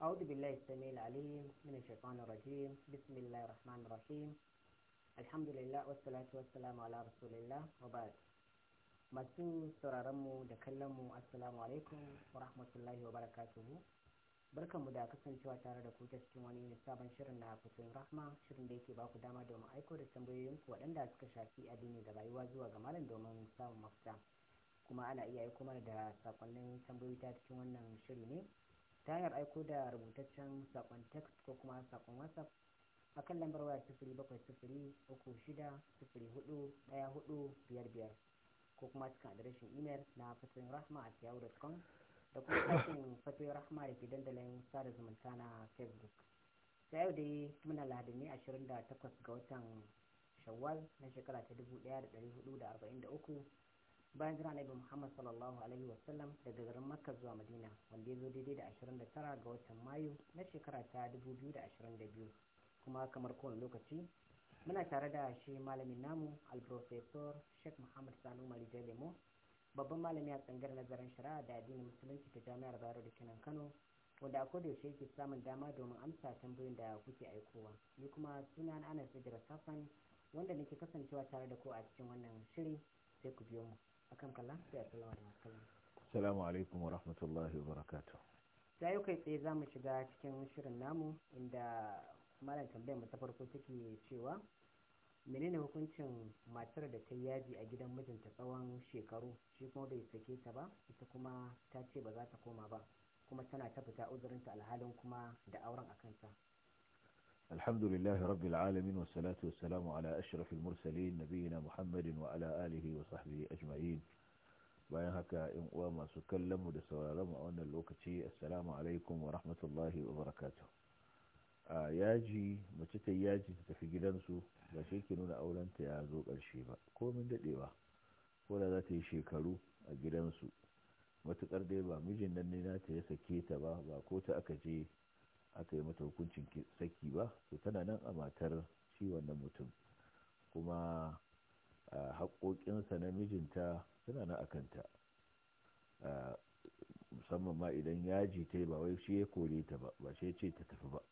أعوذ بالله السميع العليم من الشيطان الرجيم بسم الله الرحمن الرحيم الحمد لله والصلاة والسلام على رسول الله masu sauraronmu da kallonmu assalamu alaikum wa rahmatullahi wa barakatuhu barkanmu da kasancewa tare da ku ta cikin wani sabon shirin na fitowar rahma shirin da yake baku dama domin aiko da tambayoyinku waɗanda suka shafi addini da rayuwa zuwa ga malam domin samun mafita kuma ana iya aiko mana da sakonnin tambayoyi ta cikin wannan shiri ne ta hanyar aiko da rubutaccen sakon text ko kuma sakon whatsapp a kan lambar waya sifiri bakwai sifiri uku shida sifiri hudu ɗaya hudu biyar biyar ko kuma cikin adireshin imel na fatoyin rahma a yahoo.com da kuma aikin fatoyin rahma da ke dandalin sada zumunta na facebook ta yau dai muna lahadi ne ashirin da takwas ga watan shawwal na shekara ta dubu da da da hudu arba'in uku. bayan jira annabi muhammad sallallahu alaihi wasallam daga garin makka zuwa madina wanda ya zo daidai da 29 ga watan mayu na shekara ta 2022 kuma kamar kowane lokaci muna tare da shi malamin namu alprofesor sheikh muhammad sanu marijan lemo babban malami a tsangar nazarin shari'a da addinin musulunci ta jami'ar bayero da kinan kano wanda a koda yaushe yake samun dama domin amsa tambayoyin da kuke aikowa ni kuma suna ana sajira safan wanda nake kasancewa tare da ku a cikin wannan shiri sai ku biyo mu akan kallon sai a salama da masu assalamu alaikum wa rahmatullahi wa barakatuh da yau kai tsaye za mu shiga cikin shirin namu inda malam tambayar mu ta farko take cewa menene hukuncin matar da ta yaji a gidan mijinta tsawon shekaru shi kuma bai sake ta ba ita kuma ta ce ba za ta koma ba kuma tana ta fita uzurinta alhalin kuma da auren a kanta الحمد لله رب العالمين والصلاة والسلام على أشرف المرسلين نبينا محمد وعلى آله وصحبه أجمعين bayan haka in uwa masu kallon mu da sauraron mu a wannan lokaci assalamu alaikum wa rahmatullahi wa barakatuh a yaji mace ta yaji ta tafi gidansu ba shi ke nuna aurenta ya zo ƙarshe ba komin daɗewa ko da za ta yi shekaru a gidansu matuƙar dai ba mijin nan ne na ta ya sake ta ba ba ko ta aka je aka yi mata hukuncin saki ba to tana nan a matar shi wannan mutum kuma haƙoƙinsa na mijinta suna nan a musamman ma idan yaji ta ba wai shi ya kore ta ba ba shi ya ce ta tafi ba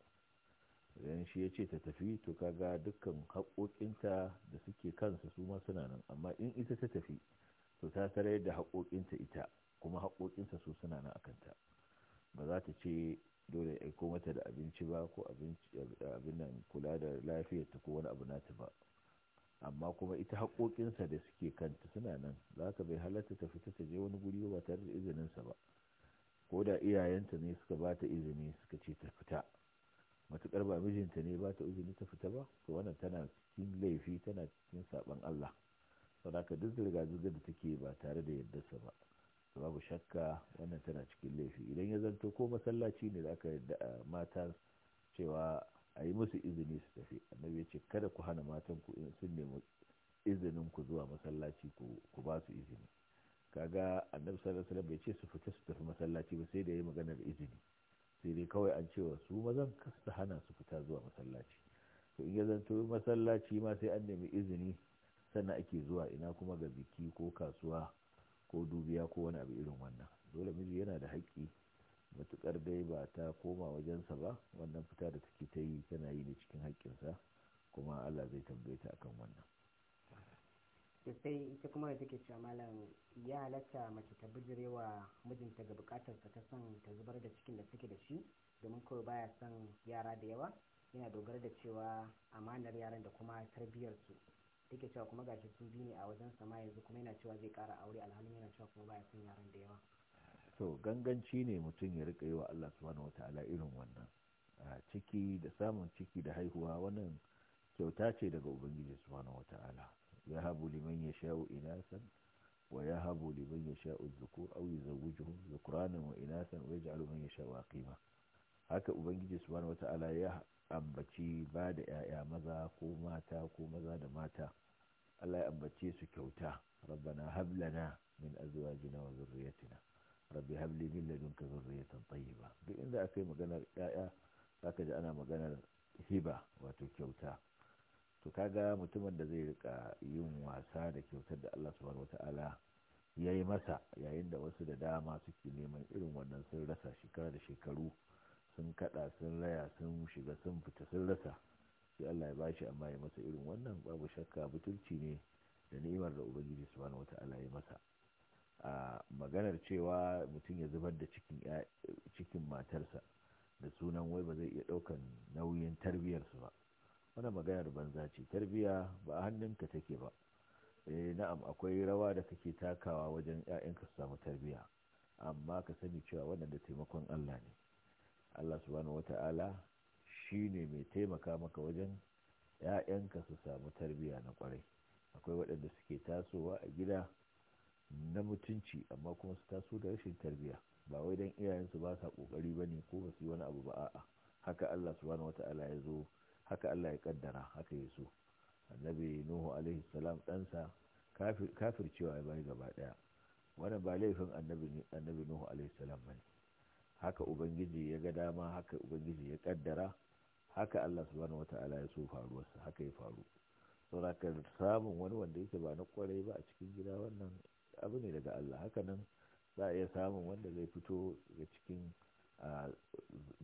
idan shi ya ce ta tafi to kaga dukkan haƙoƙinta da suke kansa su ma suna nan amma in ita ta tafi to ta tarar da haƙoƙinta ita kuma haƙoƙinsa su suna nan a ba za ta ce dole ya aiko mata da abinci ba ko abin nan kula da lafiyarta ko wani abu nata ba amma kuma ita haƙoƙinsa da suke kanta suna nan za ka bai halatta ta fita ta je wani guri ba tare da izininsa ba ko da iyayenta ne suka ba ta izini suka ce ta fita matuƙar ba mijinta ne ba ta izini ta fita ba to wannan tana cikin laifi tana cikin saɓon Allah saboda duk zirga-zirgar da take ba tare da yardarsa ba babu shakka wannan tana cikin laifi idan ya zanto ko masallaci ne da aka yadda eh, mata cewa a yi musu izini su tafi annabi ya ce kada ku hana matan ku in sun nemi izinin ku zuwa masallaci ku ba su izini kaga annabi sallallahu alaihi bai ce su fita su tafi masallaci ba sai da yayi magana da izini sai dai kawai an cewa su mazan su hana su fita zuwa masallaci to in ya zanto masallaci ma sai an nemi izini sannan ake zuwa ina kuma ga biki ko kasuwa ko dubiya ko wani abu irin wannan dole miji yana da haƙƙi matuƙar dai ba ta koma wajensa ba wannan fita da take ta yi tana yi ne cikin haƙƙinsa kuma Allah zai tambaye ta akan wannan sai ita kuma da take cewa malam ya halatta mace ta bijirewa mijinta ga bukatarsa ta son ta zubar da cikin da take da shi domin kawai baya son yara da yawa yana dogara da cewa amanar yaran da kuma tarbiyyarsu take cewa kuma shi sun biyu ne a wajen sama yanzu kuma yana cewa zai kara aure alhalin yana cewa kuma baya son yaran da yawa to ganganci ne mutum ya rika yi wa Allah subhanahu wataala irin wannan a ciki da samun ciki da haihuwa wannan kyauta ce daga ubangiji subhanahu wataala ya habu liman ya yasha'u inasan wa ya habu liman ya yasha'u dhukur aw yuzawwijuhum dhukranan wa inasan wa yaj'alu man yasha'u aqima haka ubangiji subhanahu wataala ya ambaci ba da 'ya'ya maza ko mata ko maza da mata Allah ya ambace su kyauta rabbana hablana min jina wa zurriyatina rabbi habli min ka zurriyatan tayyiba duk inda akai maganar 'ya'ya zaka ji ana maganar hiba wato kyauta to kaga mutumin da zai rika yin wasa da kyautar da Allah subhanahu wataala ya yi masa yayin da wasu da dama suke neman irin wannan sun rasa shekara da shekaru sun kada sun raya sun shiga sun fita sun rasa sai Allah ya bashi amma ya masa irin wannan babu shakka butulci ne da ni'imar da ubangiji subhanahu wata'ala ya masa a maganar cewa mutum ya zubar da cikin matarsa da sunan wai ba zai iya daukan nauyin tarbiyarsu ba wannan maganar banza ce tarbiya ba a hannunka take ba eh na'am akwai rawa da kake takawa wajen 'ya'yanka su samu tarbiya amma ka sani cewa wannan da taimakon Allah ne Allah subhanahu wata'ala ne mai taimaka maka wajen ‘ya'yanka su samu tarbiyya na kwarai akwai waɗanda suke tasowa a gida na mutunci amma kuma su taso da rashin tarbiyya ba wai don iyayensu ba sa ƙoƙari ba ne ko ba su yi wani abu ba a'a haka Allah subhanahu wata'ala ya zo haka Allah ya kaddara haka ya so annabi nuhu alaihi salam ɗansa kafircewa ya bai gaba ɗaya wannan ba laifin annabi nuhu alaihi salam ba ne haka ubangiji ya ga dama haka ubangiji ya kaddara haka Allah subhanahu wata'ala ya so faruwarsa haka ya faru saboda samun wani wanda yake ba na kwarai ba a cikin gida wannan abu ne daga Allah haka nan za a iya samun wanda zai fito daga cikin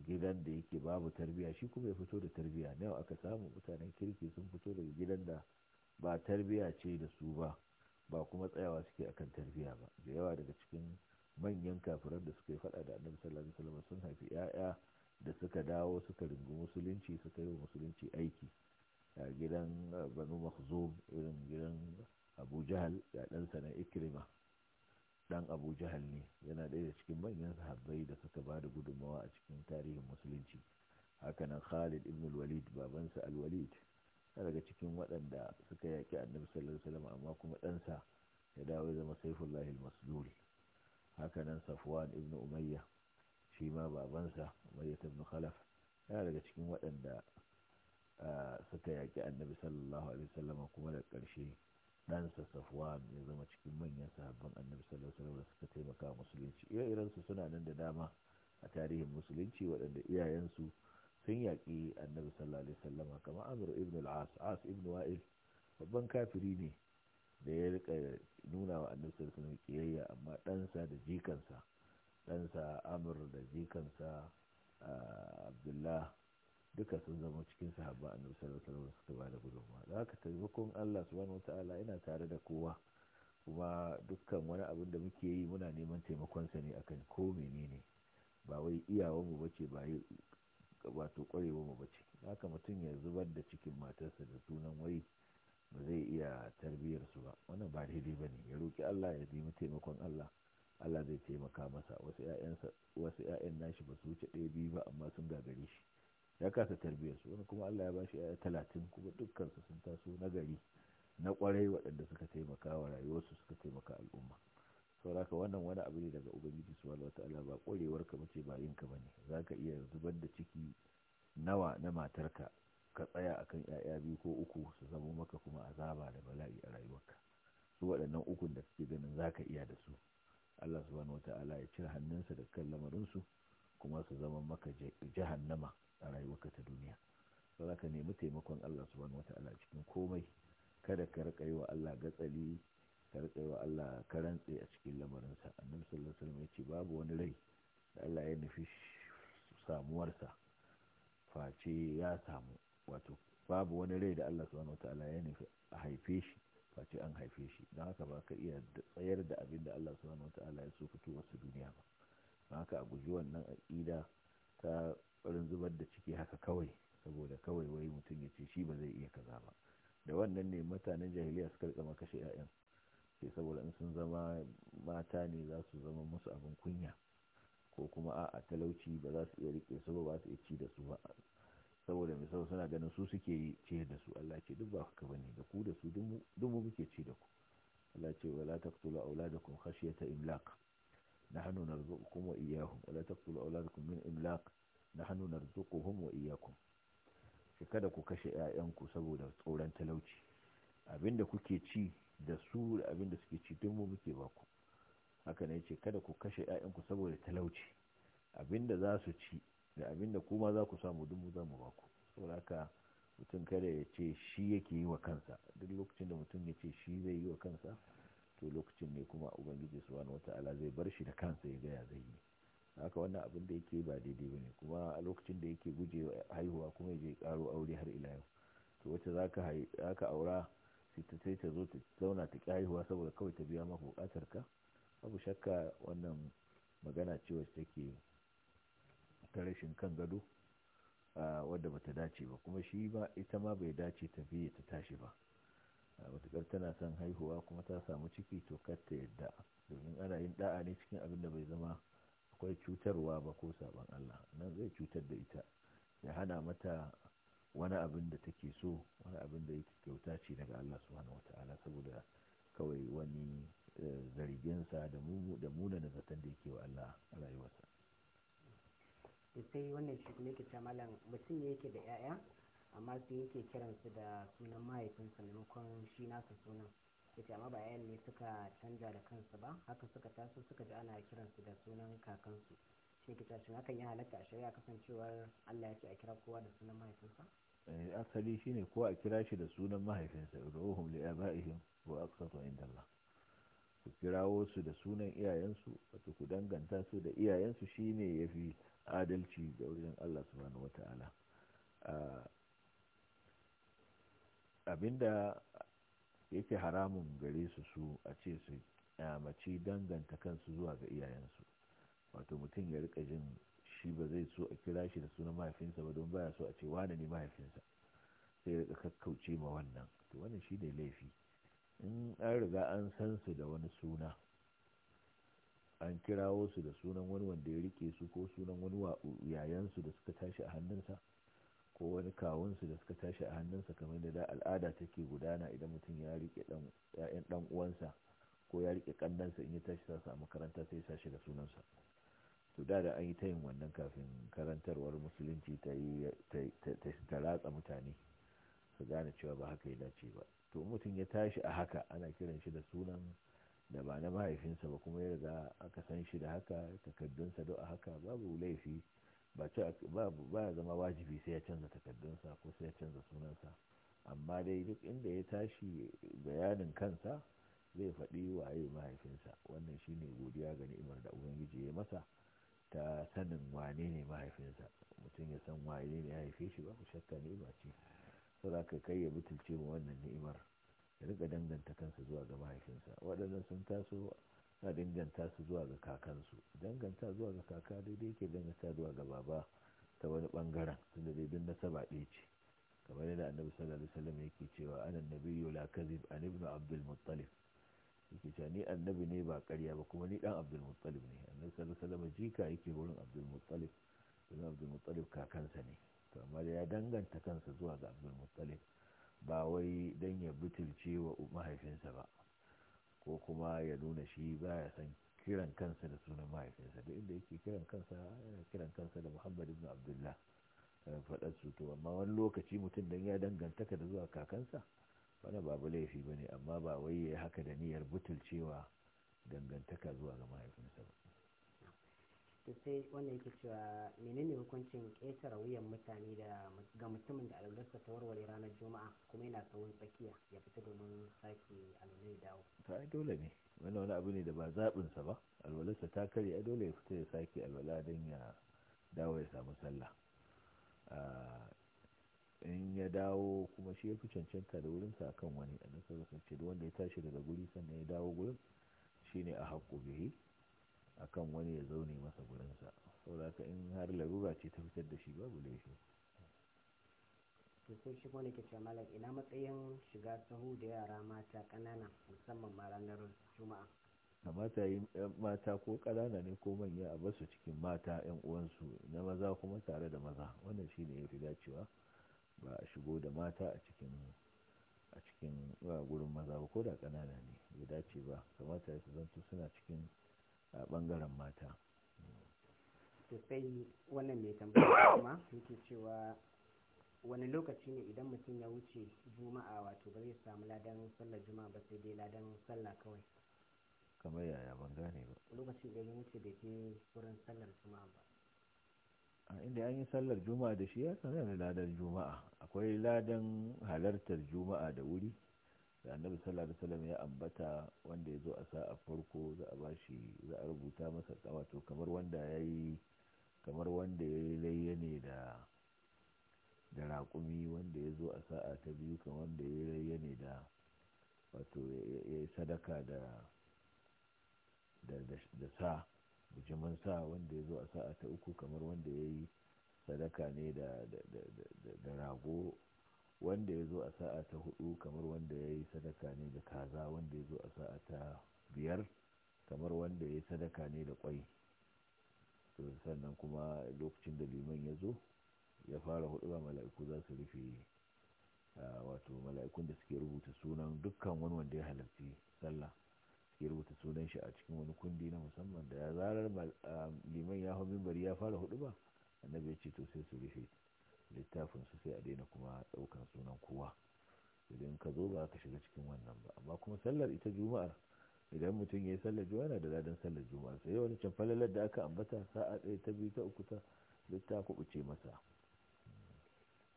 gidan da yake babu tarbiya shi kuma ya fito da tarbiya na yau aka samu mutanen kirki sun fito daga gidan da ba tarbiya ce da su ba ba kuma tsayawa suke akan tarbiya ba da yawa daga cikin manyan kafiran da suka yi fada da annabi sallallahu alaihi wasallam sun haifi ƴaƴa da suka dawo suka ringu musulunci suka yi wa musulunci aiki a gidan banu makhzum irin gidan abu jahal da ɗansa na ikrima dan abu jahal ne yana ɗaya da cikin manyan sahabbai da suka ba da gudunmawa a cikin tarihin musulunci hakanan khalid ibn walid babansa al-walid daga cikin waɗanda suka yaƙi annabi sallallahu alaihi wasallam amma kuma ɗansa ya dawo ya zama saifullahi al hakanan safwan ibn umayya shi ma babansa umayya ibn khalaf yana daga cikin waɗanda suka yaƙi annabi sallallahu alaihi wasallam kuma da ƙarshe ɗansa safwan ya zama cikin manyan sahabban annabi sallallahu alaihi wasallam suka taimaka musulunci ire su suna nan da dama a tarihin musulunci waɗanda iyayensu sun yaƙi annabi sallallahu alaihi wasallam kamar amr ibn al-as as ibn wa'il babban kafiri ne da ya rika nuna wa annabi sallallahu alaihi kiyayya amma ɗansa da jikansa ɗansa amur da jikansa abdullah duka sun zama cikin sahabba annabi sallallahu alaihi wasallam suka ba da gudunmawa da haka taimakon Allah subhanahu wataala ina tare da kowa kuma dukkan wani abin da muke yi muna neman taimakon sa ne akan ko menene ba wai mu bace ba yi wato mu bace haka mutum ya zubar da cikin matarsa da sunan wai ba zai iya tarbiyyarsu su ba wannan ba daidai ba ne ya roƙi Allah ya nemi taimakon Allah Allah zai taimaka masa wasu 'ya'yan nashi ba su wuce ɗaya biyu ba amma sun gagari shi ya kasa tarbiyar su wani kuma Allah ya ba shi ƴaƴa talatin kuma dukkan sun taso na gari na ƙwarai waɗanda suka taimaka wa rayuwarsu suka taimaka al'umma sauraka wannan wani abu ne daga ubangiji wata ala ba ƙwarewar ka mace ba yin ka bane zaka iya zubar da ciki nawa na matarka ka tsaya a kan ‘ya'ya biyu ko uku su zama maka kuma azaba da bala'i a rayuwarka su waɗannan ukun da suke ganin za ka iya da su Allah subhanahu ta’ala ya cire hannunsa da kan lamarinsu kuma su zama maka jahannama a rayuwarka ta duniya za ka nemi taimakon Allah subhanahu ta’ala cikin komai kada ka riƙa yi wa Allah gatsali ka riƙa wa Allah karantse a cikin lamarinsa annabi sallallahu alaihi wasallam ya ce babu wani rai da Allah ya nufi samuwarsa face ya samu wato babu wani rai da Allah subhanahu wataala ya nufi a haife shi face an haife shi don haka ba ka iya tsayar da abin da Allah subhanahu wataala ya so fito wasu duniya ba don haka a guji wannan aƙida ta farin zubar da ciki haka kawai saboda kawai wai mutum ya ce shi ba zai iya kaza ba da wannan ne mutanen jahiliya suka rika kashe 'ya'yan sai saboda in sun zama mata ne za su zama musu abin kunya ko kuma a talauci ba za su iya riƙe su ba ba su iya ci da su ba saboda mai suna ganin su suke yi ciyar da su Allah ce duk ba ka bane da ku da su duk mu muke ci da ku Allah ce wala taqtulu auladakum khashyata imlaq nahnu narzuqukum wa iyyahum wala taqtulu auladakum min imlaq nahnu narzuquhum wa iyyakum shi kada ku kashe ƴaƴanku saboda tsoron talauci abinda kuke ci da su da abinda suke ci duk mu muke ba ku haka ne ce kada ku kashe ƴaƴanku saboda talauci abinda za su ci da abinda kuma za ku samu dubu za mu baku saboda haka mutum kada ya ce shi yake yi wa kansa duk lokacin da mutum ya ce shi zai yi wa kansa to lokacin ne kuma ubangiji wata ala zai bar shi da kansa ya gaya zai yi haka wannan abin da yake ba daidai ba ne? kuma a lokacin da yake guje haihuwa kuma ya je karo aure har ila yau to wacce za ka aura sai ta zo ta zauna ta ki haihuwa saboda kawai ta biya maka bukatar ka abu shakka wannan magana ce wacce take ta rashin kan gado wadda bata dace ba kuma shi ba ita ma bai dace ta biye ta tashi ba matuƙar tana son haihuwa kuma ta samu ciki to kar ta yadda domin ana yin da'a ne cikin abin da bai zama akwai cutarwa ba ko saban Allah nan zai cutar da ita ya hana mata wani abin da take so wani abin da yake kyauta ce daga Allah subhanahu wataala saboda kawai wani eh, zargensa da muna da zaton da yake wa Allah rayuwarsa sai wannan shi kuma yake ce malam mutum ne yake da 'ya'ya amma sai yake kiran su da sunan mahaifinsa maimakon shi nasa sunan ce amma ba 'ya'yan ne suka canja da kansu ba haka suka taso suka ji ana kiran su da sunan kakansu shi yake cewa hakan ya halatta a shari'a kasancewar Allah ya a kira kowa da sunan mahaifinsa eh, asali shine ko a kira shi da sunan mahaifinsa ud'uhum li abaihim wa aqsatu inda Allah ku kirawo su da sunan iyayensu wato ku danganta su da iyayensu shine yafi adalci ga wurin Allah subhanahu wata'ala abinda yake haramun gare su su a ce su mace danganta kansu zuwa ga iyayensu wato mutum ya rika jin shi ba zai so a kira shi da sunan mahaifinsa ba don baya so a ce wane ne mahaifinsa sai rika kakkauce ma wannan to wannan shi ne laifi in an riga an san su da wani suna an kirawo su da sunan wani wanda ya rike su ko sunan wani yayansu da suka tashi a hannunsa ko wani kawunsu da suka tashi a hannunsa kamar da al'ada take gudana idan mutum ya rike ‘ya'yan ɗan uwansa ko ya rike ƙannansa in ya tashi sa a makaranta sai ya shi da sunansa to da da an yi ta yin wannan kafin karantarwar musulunci ta yi ta ratsa mutane su gane cewa ba haka ya dace ba to mutum ya tashi a haka ana kiran shi da sunan da ba na mahaifinsa ba kuma ya riga aka san shi da haka takaddunsa duk a haka babu laifi ba ya zama wajibi sai ya canza takaddunsa ko sai ya canza sunansa amma dai duk inda ya tashi bayanin kansa zai faɗi waye mahaifinsa wannan shine godiya ga ni'imar da ubangiji ya masa ta sanin wane ne mahaifinsa mutum ya san waye ne ya haife shi ba ku shakka ni'ima ce ka kai ya mutunce wa wannan ni'imar ya rika danganta kansa zuwa ga mahaifinsa waɗannan sun taso na danganta su zuwa ga kakansu danganta zuwa ga kaka daidai ke danganta zuwa ga baba ta wani bangaren tunda dai duk nasaba ɗaya ce kamar yadda annabi sallallahu alaihi wasallam yake cewa ana nabiyyu la kazib an ibn abdul muttalib yake cewa ni annabi ne ba ƙarya ba kuma ni dan abdul muttalib ne annabi sallallahu alaihi wasallam jika yake wurin abdul muttalib domin abdul muttalib kakansa ne to amma ya danganta kansa zuwa ga abdul muttalib ba wai don ya butulce wa mahaifinsa ba ko kuma ya nuna shi ba ya san kiran kansa da sunan mahaifinsa duk inda yake kiran kansa yana kiran kansa da muhammad ibn abdullah faɗar su to amma wani lokaci mutum don ya dangantaka da zuwa kakansa wani babu laifi ba ne amma ba wai ya haka da niyyar butulcewa dangantaka zuwa ga mahaifinsa ba to sai wanda yake cewa menene hukuncin ƙetare wuyan mutane ga mutumin da alwalarsa ta warware ranar juma'a kuma yana tsawon tsakiya ya fita domin sake alwalar dawo ta ai dole ne wani wani abu ne da ba zaɓinsa ba alwalarsa ta karye dole ya fita ya sake alwala don ya dawo ya samu sallah ah, in ya dawo kuma shi ya fi cancanta da wurinsa akan wani a nasarar sai ce wanda ya tashi daga guri sannan ya dawo gurin shine a haƙƙo bihi akan wani ya zaune masa gurinsa saboda ka in har larura ce ta fitar da shi babu laifi to sai shi wani ke cewa ina matsayin shiga sahu da yara mata kanana musamman ma ranar juma'a kamata yi eh, mata ko kanana ne ko manya a basu cikin mata yan uwansu na maza kuma tare da maza wannan shine fi dacewa ba a shigo da mata a cikin a cikin gurin maza ba ko da kanana ne ya dace ba kamata su zanto suna cikin a bangaren mata to sai wannan mai tambaya kuma yake cewa wani lokaci ne idan mutum ya wuce juma'a wato bai samu ladan sallar juma'a ba sai dai ladan sallah kawai kamar yaya ban gane ba lokacin da ya wuce da ke wurin sallar juma'a ba a inda an yi sallar juma'a da shi ya sanar da ladan juma'a akwai ladan halartar juma'a da wuri da annabi sallallahu alaihi wasallam ya ambata wanda ya zo a sa'a farko za a bashi za a rubuta masa to kamar wanda ya yi kamar wanda ya yi layya ne da da raƙumi wanda ya zo a sa'a ta biyu kamar wanda ya yi layya ne da wato ya yi sadaka da da sa bujiman sa wanda ya zo a sa'a ta uku kamar wanda ya yi sadaka ne da rago wanda ya zo a sa'a ta hudu kamar wanda ya yi sadaka ne da kaza wanda ya zo a sa'a ta biyar kamar wanda ya yi sadaka ne da kwai sannan kuma lokacin da liman ya zo ya fara hudu ba mala'iku za su rufe wato mala'ikun da suke rubuta sunan dukkan wani wanda ya halarci sallah suke rubuta sunan shi a cikin wani kundi na musamman da ya zarar liman ya hau mimbari ya fara hudu ba annabi ya ce to sai su rufe littafin su sai a daina kuma ɗaukan sunan kowa idan ka zo ba ka shiga cikin wannan ba amma kuma sallar ita juma'ar idan mutum ya yi sallar juma'a yana da ladan sallar juma'a sai wani can falalar da aka ambata sa'a ɗaya ta biyu ta uku ta duk ta kuɓuce masa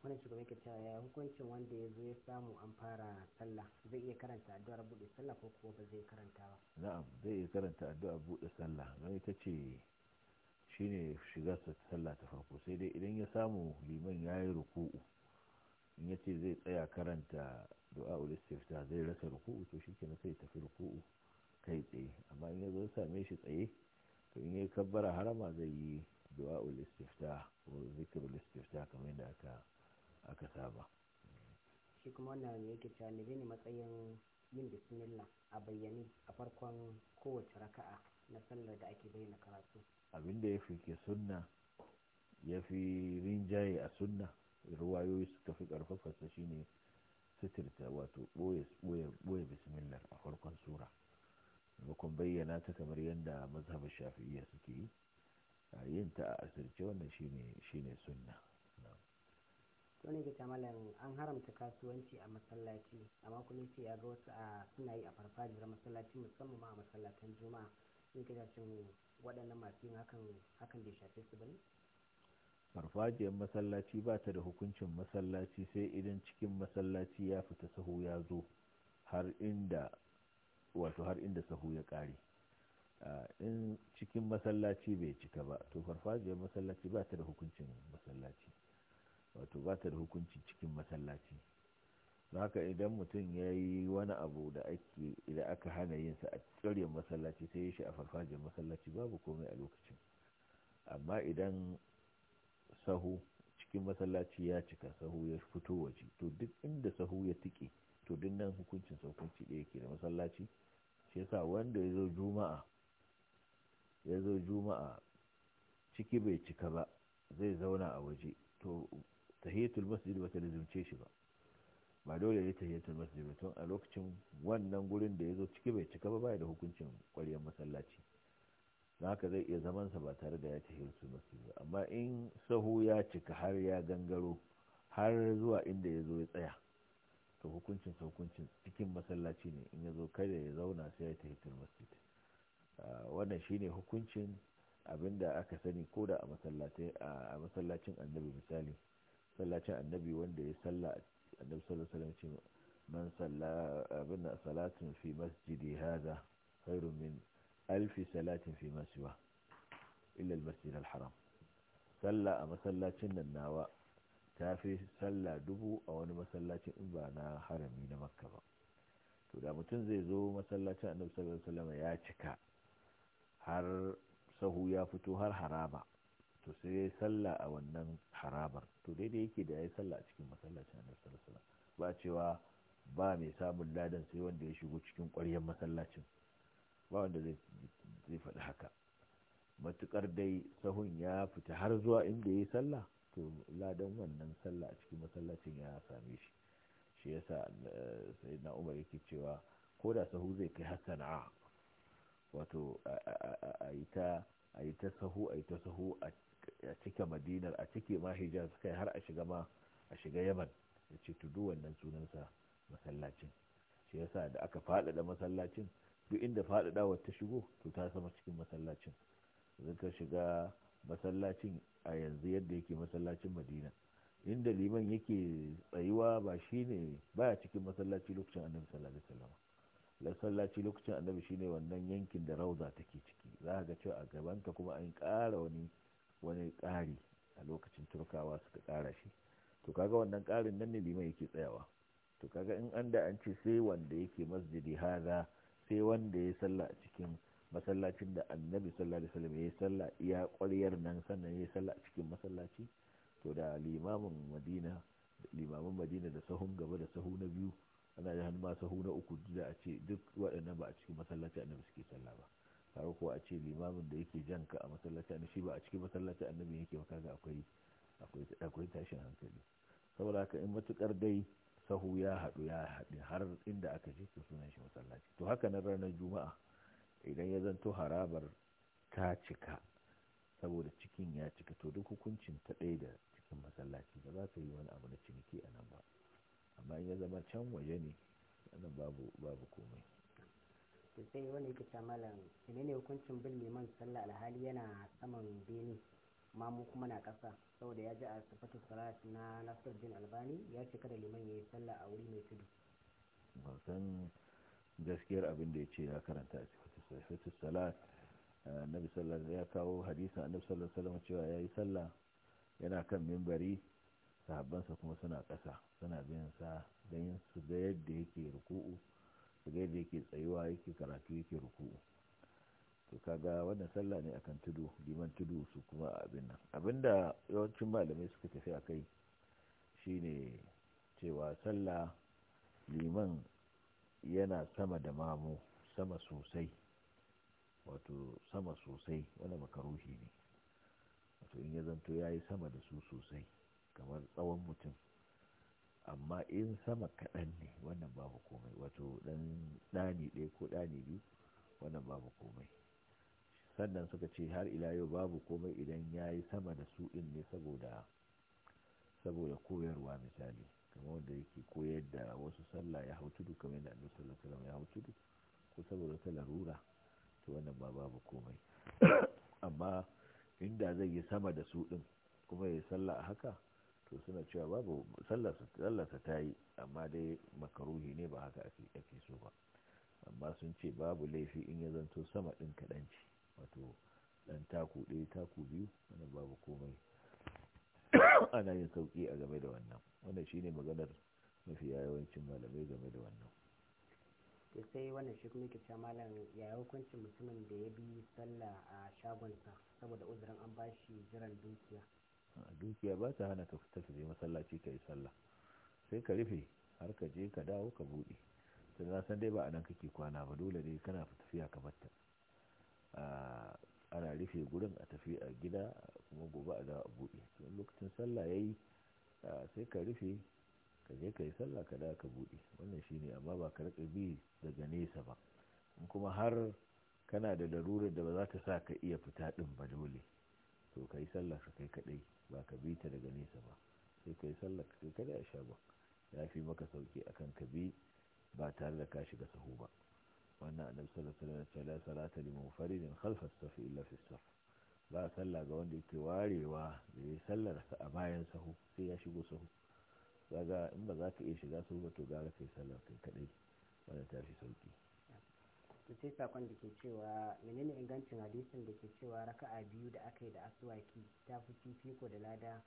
wannan shugaban ke cewa hukuncin wanda ya zo ya samu an fara sallah zai iya karanta addu'ar buɗe sallah ko kuwa ba zai karanta ba na'am zai iya karanta addu'ar buɗe sallah don ita ce shine ya shiga sallah ta farko sai dai idan ya samu liman ya yi ruku'u in ya ce zai tsaya karanta du'a ulistifta zai rasa ruku'u to shi kenan sai tafi ruku'u kai tsaye amma in ya zo same shi tsaye to in ya kabbara harama zai yi du'a ulistifta ko zikir ulistifta kamar yadda aka aka saba shi kuma wannan ne yake cewa ne ne matsayin yin bismillah a bayyane a farkon kowace raka'a na sallar da ake bayyana karatu abinda ya fi sunna ya fi rinjaye a sunna ruwayoyi suka fi su shine sitirta wato boye bismillah a farkon sura maimakon bayyana ta kamar yadda mazhabin shafi'iyya suke yi yin ta a asirce wannan shine sunna ne ke malam an haramta kasuwanci a masallaci amma kuma ce ya ga wasu a suna yi a farfajiyar masallaci musamman ma a masallatan juma'a sun kita cin waɗannan masu yin hakan bai shafe su bane farfajiyar masallaci ba ta da hukuncin masallaci sai idan cikin masallaci ya fita sahu ya zo har inda wato har inda sahu ya ƙare in cikin masallaci bai cika ba to farfajiyar masallaci ba ta da hukuncin masallaci wato ba ta da hukuncin cikin masallaci haka idan mutum ya yi wani abu da ake da aka hana yin sa a tsare masallaci sai ya shi a farfajin masallaci babu komai a lokacin amma idan sahu cikin masallaci ya cika sahu ya fito waje to duk inda sahu ya tike to duk nan hukuncin hukunci ɗaya ke da masallaci shi yasa wanda ya zo juma'a ya zo juma'a ciki bai cika ba zai zauna a waje to tahiyatul masjid bata lizumce shi ba ba dole ya tahiyatul masjid ba tun a lokacin wannan gurin da ya zo ciki bai cika ba bai da hukuncin ƙwaryar masallaci don haka zai iya zaman sa ba tare da ya ta tahiyatul masjid ba amma in sahu ya cika har ya gangaro har zuwa inda ya zo ya tsaya to hukuncin sa hukuncin cikin masallaci ne in ya zo kada ya zauna sai ya ta tahiyatul masjid ah, wannan shine hukuncin abinda aka sani ko da a masallacin annabi misali masallacin annabi wanda ya salla annabi sallallahu alaihi wasallam ce man salla abin salatin fi masjidi hada khairun min alfi salatin fi ma illa al-masjid al-haram salla a masallacin nan nawa ta fi salla dubu a wani masallacin in ba na harami na makka ba to da mutum zai zo masallacin annabi sallallahu alaihi wasallam ya cika har sahu ya fito har haraba to sai ya sallah a wannan harabar to daidai yake da ya yi sallah a cikin masallacin annabi sallallahu alaihi ba cewa ba mai samun ladan sai wanda ya shigo cikin ƙwaryar masallacin ba wanda zai faɗi haka matukar dai sahun ya fita har zuwa inda ya yi sallah to ladan wannan sallah a cikin masallacin ya same shi shi yasa sai eh, umar yake cewa ko da sahu zai kai hasana wato a yi ta sahu a yi ta sahu a a cike madinar a cike ma suka kai har a shiga ma a shiga yaman ya ce tudu wannan sunansa masallacin shi yasa da aka faɗaɗa masallacin duk inda faɗaɗawa ta shigo to ta sama cikin masallacin ka shiga masallacin a yanzu yadda yake masallacin madina inda liman yake tsayuwa ba shine baya cikin masallaci lokacin annabi sallallahu alaihi wasallam masallaci lokacin annabi shine wannan yankin da rauza take ciki za ka ga cewa a gabanta kuma an ƙara wani wani ƙari a lokacin turkawa suka ƙara shi to kaga wannan ƙarin nan ne liman yake tsayawa to kaga in an da an ce sai wanda yake masjidi haza sai wanda ya salla a cikin masallacin da annabi sallallahu alaihi wasallam ya salla iya ƙwaryar nan sannan ya salla a cikin masallaci to da limamin madina limamin madina da sahun gaba da sahu na biyu ana da hannu ma sahu na uku da a ce duk waɗannan ba a cikin masallaci annabi suke salla ba kaga ko a ce limamin da yake jan ka a masallaci ne shi ba a cikin masallaci annabi yake ba kaga akwai akwai tashin hankali saboda haka in matukar dai sahu ya haɗu ya haɗu har inda aka je to sunan shi masallaci to haka nan ranar juma'a idan ya zanto harabar ta cika saboda cikin ya cika to duk hukuncin ta ɗaya da cikin masallaci ba za ta yi wani abu na ciniki a nan ba amma in ya zama can waje ne nan babu babu komai to sai wanda yake ta malam menene hukuncin bin liman sallah alhali yana saman bene mamu kuma na ƙasa saboda ya ji a sifatu salat na nasiruddin albani ya ce kada liman ya yi sallah a wuri mai tudu wasan gaskiyar abin da ya ce ya karanta a sifatu salat annabi sallallahu ya kawo hadisin annabi sallallahu alaihi wasallam cewa yi sallah yana kan mimbari sahabbansa kuma suna ƙasa suna bin sa don su ga yadda yake ruku'u su yadda yake tsayuwa yake karatu yake ruku'u to kaga wannan sallah ne akan tudu liman tudu su kuma abin nan abinda yawancin malamai suka tafi a kai shine cewa sallah liman yana sama da mamu sama sosai wato sama sosai wani makaruhi ne wato in ya zanto ya yi sama da su sosai kamar tsawon mutum amma in sama kaɗan ne wannan babu komai wato ɗan ɗani ɗaya ko ɗani biyu wannan babu komai sannan suka ce har ila yau babu komai idan ya yi sama da su ɗin ne saboda koyarwa misali kamar wanda yake koyar da wasu sallah ya hau tudu kamar yadda annabi sallallahu alaihi ya hau tudu ko saboda ta larura to wannan ba babu komai amma inda zai yi sama da su ɗin kuma ya sallah a haka to suna cewa babu sallarsa ta yi amma dai makaruhi ne ba haka ake so ba amma sun ce babu laifi in ya zanto sama ɗin kaɗanci wato ɗan taku ɗaya taku biyu wani babu komai ana yin sauƙi a game da wannan wannan shine maganar mafi yawancin malamai game da wannan ya sai wannan shi kuma yake malam ya hukuncin mutumin da ya bi sallah a shagonsa saboda uzurin an ba shi jiran dukiya dukiya ba ta hana ka fita ka je masallaci ka yi sallah sai ka rufe har ka je ka dawo ka buɗe to na san dai ba a nan kake kwana ba dole dai kana tafiya ka batta ana rufe gurin a tafi a gida kuma gobe a dawo a buɗe to lokacin sallah ya yi sai ka rufe ka je ka yi sallah ka dawo ka buɗe wannan shi ne amma ba ka rika bi daga nesa ba in kuma har kana da larurar da ba za ta sa ka iya fita ɗin ba dole to ka yi sallar ka kai kadai ba ka bi ta daga nesa ba sai ka yi sallar ka kai kadai a sha ya fi maka sauki akan ka bi ba tare da ka shiga sahu ba wannan annabi sallallahu alaihi wasallam ya salata li munfaridin khalfa as-saf illa fi as-saf ba sallah ga wanda yake warewa da ya sallar sa a bayan sahu sai ya shigo sahu kaga in ba za ka iya shiga sahu ba to gara kai sallar kai kadai wannan ta fi sauki to sai sakon da ke cewa menene ingancin hadisin da ke cewa raka'a biyu da aka yi da asuwaki ta fi fifiko da lada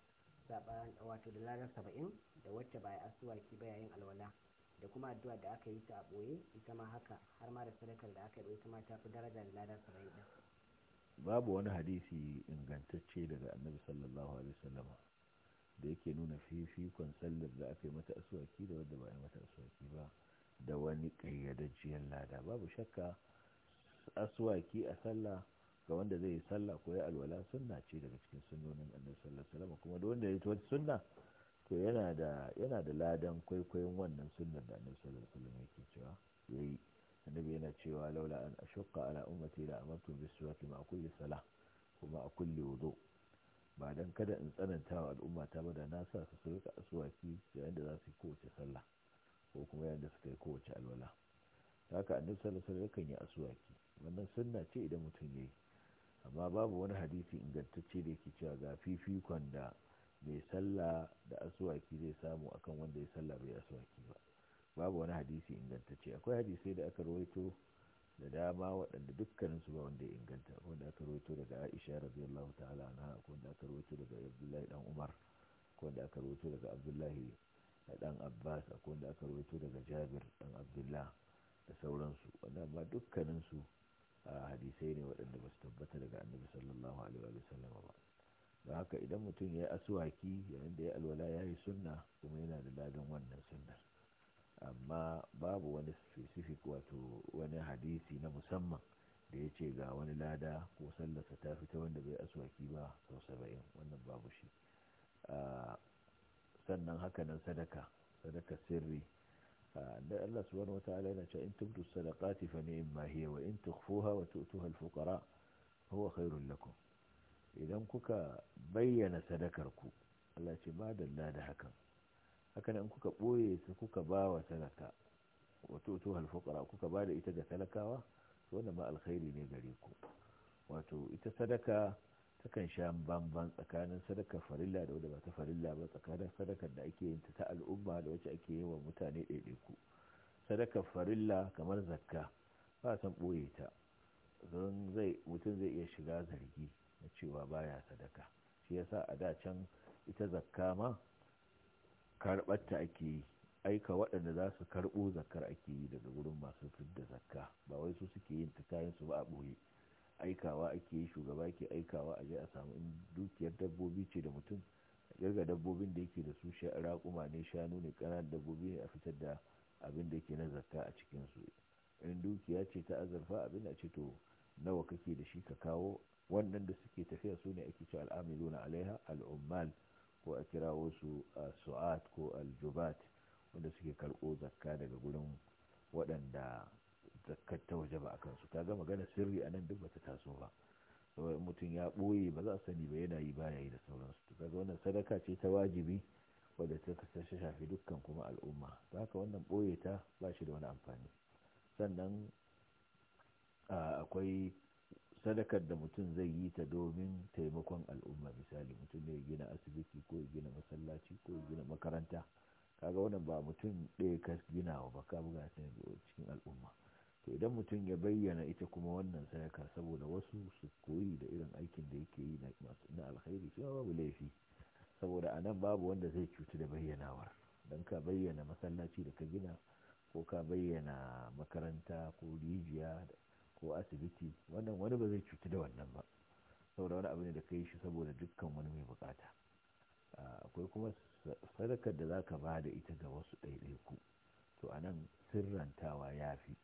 wato da ladar saba'in da wacce ba a yi asuwaki ba yayin alwala da kuma addu'a da aka yi ta a ɓoye ita ma haka har ma da sadakar da aka yi ita ma ta fi daraja da ladar saba'in babu wani hadisi ingantacce daga annabi sallallahu alaihi wasallam da yake nuna fifikon sallar da aka yi mata asuwaki da wadda ba a yi mata asuwaki ba da wani ƙayyadajjiyar lada babu shakka aswaki a sallah ga wanda zai yi sallah ko ya alwala sunna ce daga cikin sunnonin annabi sallallahu alaihi kuma da wanda ya yi sunna to yana da yana da ladan kwaikwayon wannan sunnar da annabi sallallahu alaihi wasallam yake cewa yayi annabi yana cewa laula an ashqa ala ummati la amartu bis salati ma kulli salah kuma a kulli wudu ba dan kada in tsananta wa al'umma ta ba da na sa su rika aswaki yayin da za su yi kowace sallah haka annabi sallallahu alaihi wasallam yi aswaki wannan sunna ce idan mutum yayi amma babu wani hadisi ingantacce da yake cewa ga fifikon da mai sallah da aswaki zai samu akan wanda ya sallah bai aswaki ba babu wani hadisi ingantacce akwai hadisai da aka rawaito da dama waɗanda dukkaninsu ba wanda ya inganta akwai wanda aka rawaito daga Aisha radiyallahu ta'ala anha wanda aka rawaito daga Abdullahi dan Umar akwai wanda aka rawaito daga Abdullahi dan Abbas akwai wanda aka rawaito daga Jabir dan Abdullah da sauransu wannan ma dukkaninsu hadisai ne waɗanda ba su tabbata daga annabi sallallahu alaihi wa sallam ba don haka idan mutum ya yi asuwaki yayin da ya alwala ya yi sunna kuma yana da ladan wannan sunnar amma babu wani specific wato wani hadisi na musamman da ya ce ga wani lada ko sallarsa ta fita wanda bai asuwaki ba sau saba'in wannan babu shi sannan hakanan sadaka sadaka sirri da Allah subhanahu wataala yana cewa in tubdu sadaqati fa ni'ma hiya wa in tukhfuha wa tu'tuha al-fuqara huwa khairul lakum idan kuka bayyana sadakar ku Allah ce ba dalla da hakan hakan in kuka boye su kuka bawa wa sadaka wa tu'tuha al kuka bada ita da talakawa wannan ma alkhairi ne gare ku wato ita sadaka takan sha banban tsakanin sadaka farilla da wadda ba ta farilla ba tsakanin sadakar da ake yin ta ta al'umma da wacce ake yi wa mutane ɗaiɗaiku sadaka farilla kamar zakka ba san ɓoye ta don zai mutum zai iya shiga zargi na cewa baya sadaka shi yasa a da can ita zakka ma karɓarta ake yi aika waɗanda za su karɓo zakkar ake yi daga gurin masu fidda zakka ba wai su suke yin ta kayan su ba a ɓoye aikawa ake yi shugaba ke aikawa a je a samu in dukiyar dabbobi ce da mutum a kirga dabbobin da yake da su raƙuma ne shanu ne ƙananan dabbobi ne a fitar da abin da yake na zakka a cikin su in dukiya ce ta azurfa abin a ce to nawa kake da shi ka kawo wannan da suke tafiya su ne ake cewa na alaiha al'ummal ko a kira wasu a su'at ko aljubat wanda suke karɓo zakka daga gurin waɗanda zakar ta waje ba a kansu kaga magana sirri a nan duk ta taso ba saboda mutum ya ɓoye ba za a sani ba yana yi baya yi da sauransu ta ga wannan sadaka ce ta wajibi wadda ta shafi dukkan kuma al'umma ta haka wannan ɓoye ta ba shi da wani amfani sannan akwai sadakar da mutum zai yi ta domin taimakon al'umma misali mutum ne ya gina asibiti ko ya gina masallaci ko ya gina makaranta kaga wannan ba mutum ɗaya ka gina wa ba ka buga cikin al'umma to idan mutum ya bayyana ita kuma wannan sadaka saboda wasu su koyi da irin aikin da yake yi na alkhairi shi babu laifi saboda a nan babu wanda zai cutu da bayyanawar don ka bayyana masallaci da ka gina ko ka bayyana makaranta ko rijiya ko asibiti wannan wani ba zai cutu da wannan ba saboda wani abu ne da ka yi shi saboda dukkan wani mai bukata akwai kuma sadakar da za ka ba da ita ga wasu ɗaiɗaiku to a nan sirrantawa ya fi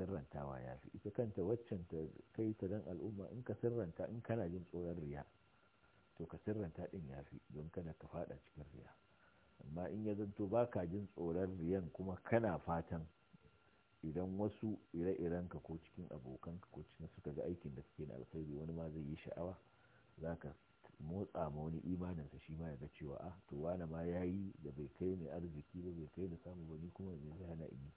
sirrantawa ya fi ita kanta waccan ta kai ta dan al'umma in ka sirranta in kana jin tsoron riya to ka sirranta din ya fi don kada ka fada cikin riya amma in ya zanto ba ka jin tsoron riyan kuma kana fatan idan wasu ire iren ka ko cikin abokanka ko cikin suka ga aikin da suke na alkhairi wani ma zai yi sha'awa za ka motsa ma wani imaninsa shi ma ya ga cewa a ah, to wani ma ya yi da bai kai ni arziki ba bai kai ni samu ba ni kuma zai hana in yi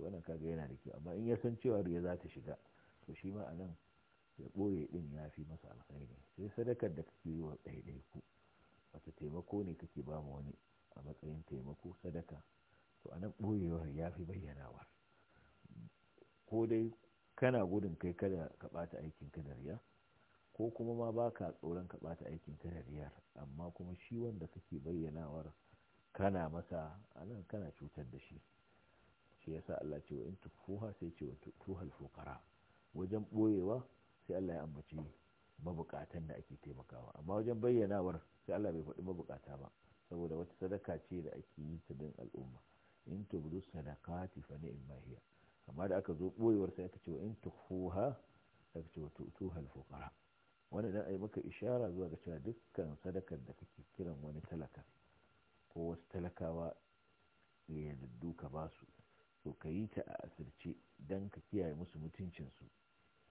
to wannan kaga yana da kyau amma in ya san cewa riya za ta shiga to shi ma a ya ɓoye ɗin ya fi masa alkhairi sai sadakar da kake yi wa ku wata taimako ne kake ba mu wani a matsayin taimako sadaka to anan nan ya fi bayyanawar ko dai kana gudun kai kada ka ɓata aikin ka da riya ko kuma ma ba ka tsoron ka ɓata aikin ka da riyar amma kuma shi wanda kake bayyanawar kana masa anan kana cutar da shi shi yasa Allah ce wa in tufuha sai ce wa tuhal fuqara wajen boyewa sai Allah ya ambaci mabukatan da ake taimakawa amma wajen bayyanawar sai Allah bai faɗi mabukata ba saboda wata sadaka ce da ake yi ta bin al'umma in tubdu sadaqati fa ni'ma hiya amma da aka zo boyewar sai aka ce wa in tufuha aka ce wa tuhal fuqara wannan dan ai maka ishara zuwa ga cewa dukkan sadakar da kake kiran wani talaka ko wasu talakawa ya duka ba su so ka yi ta a asirce don ka kiyaye musu mutuncinsu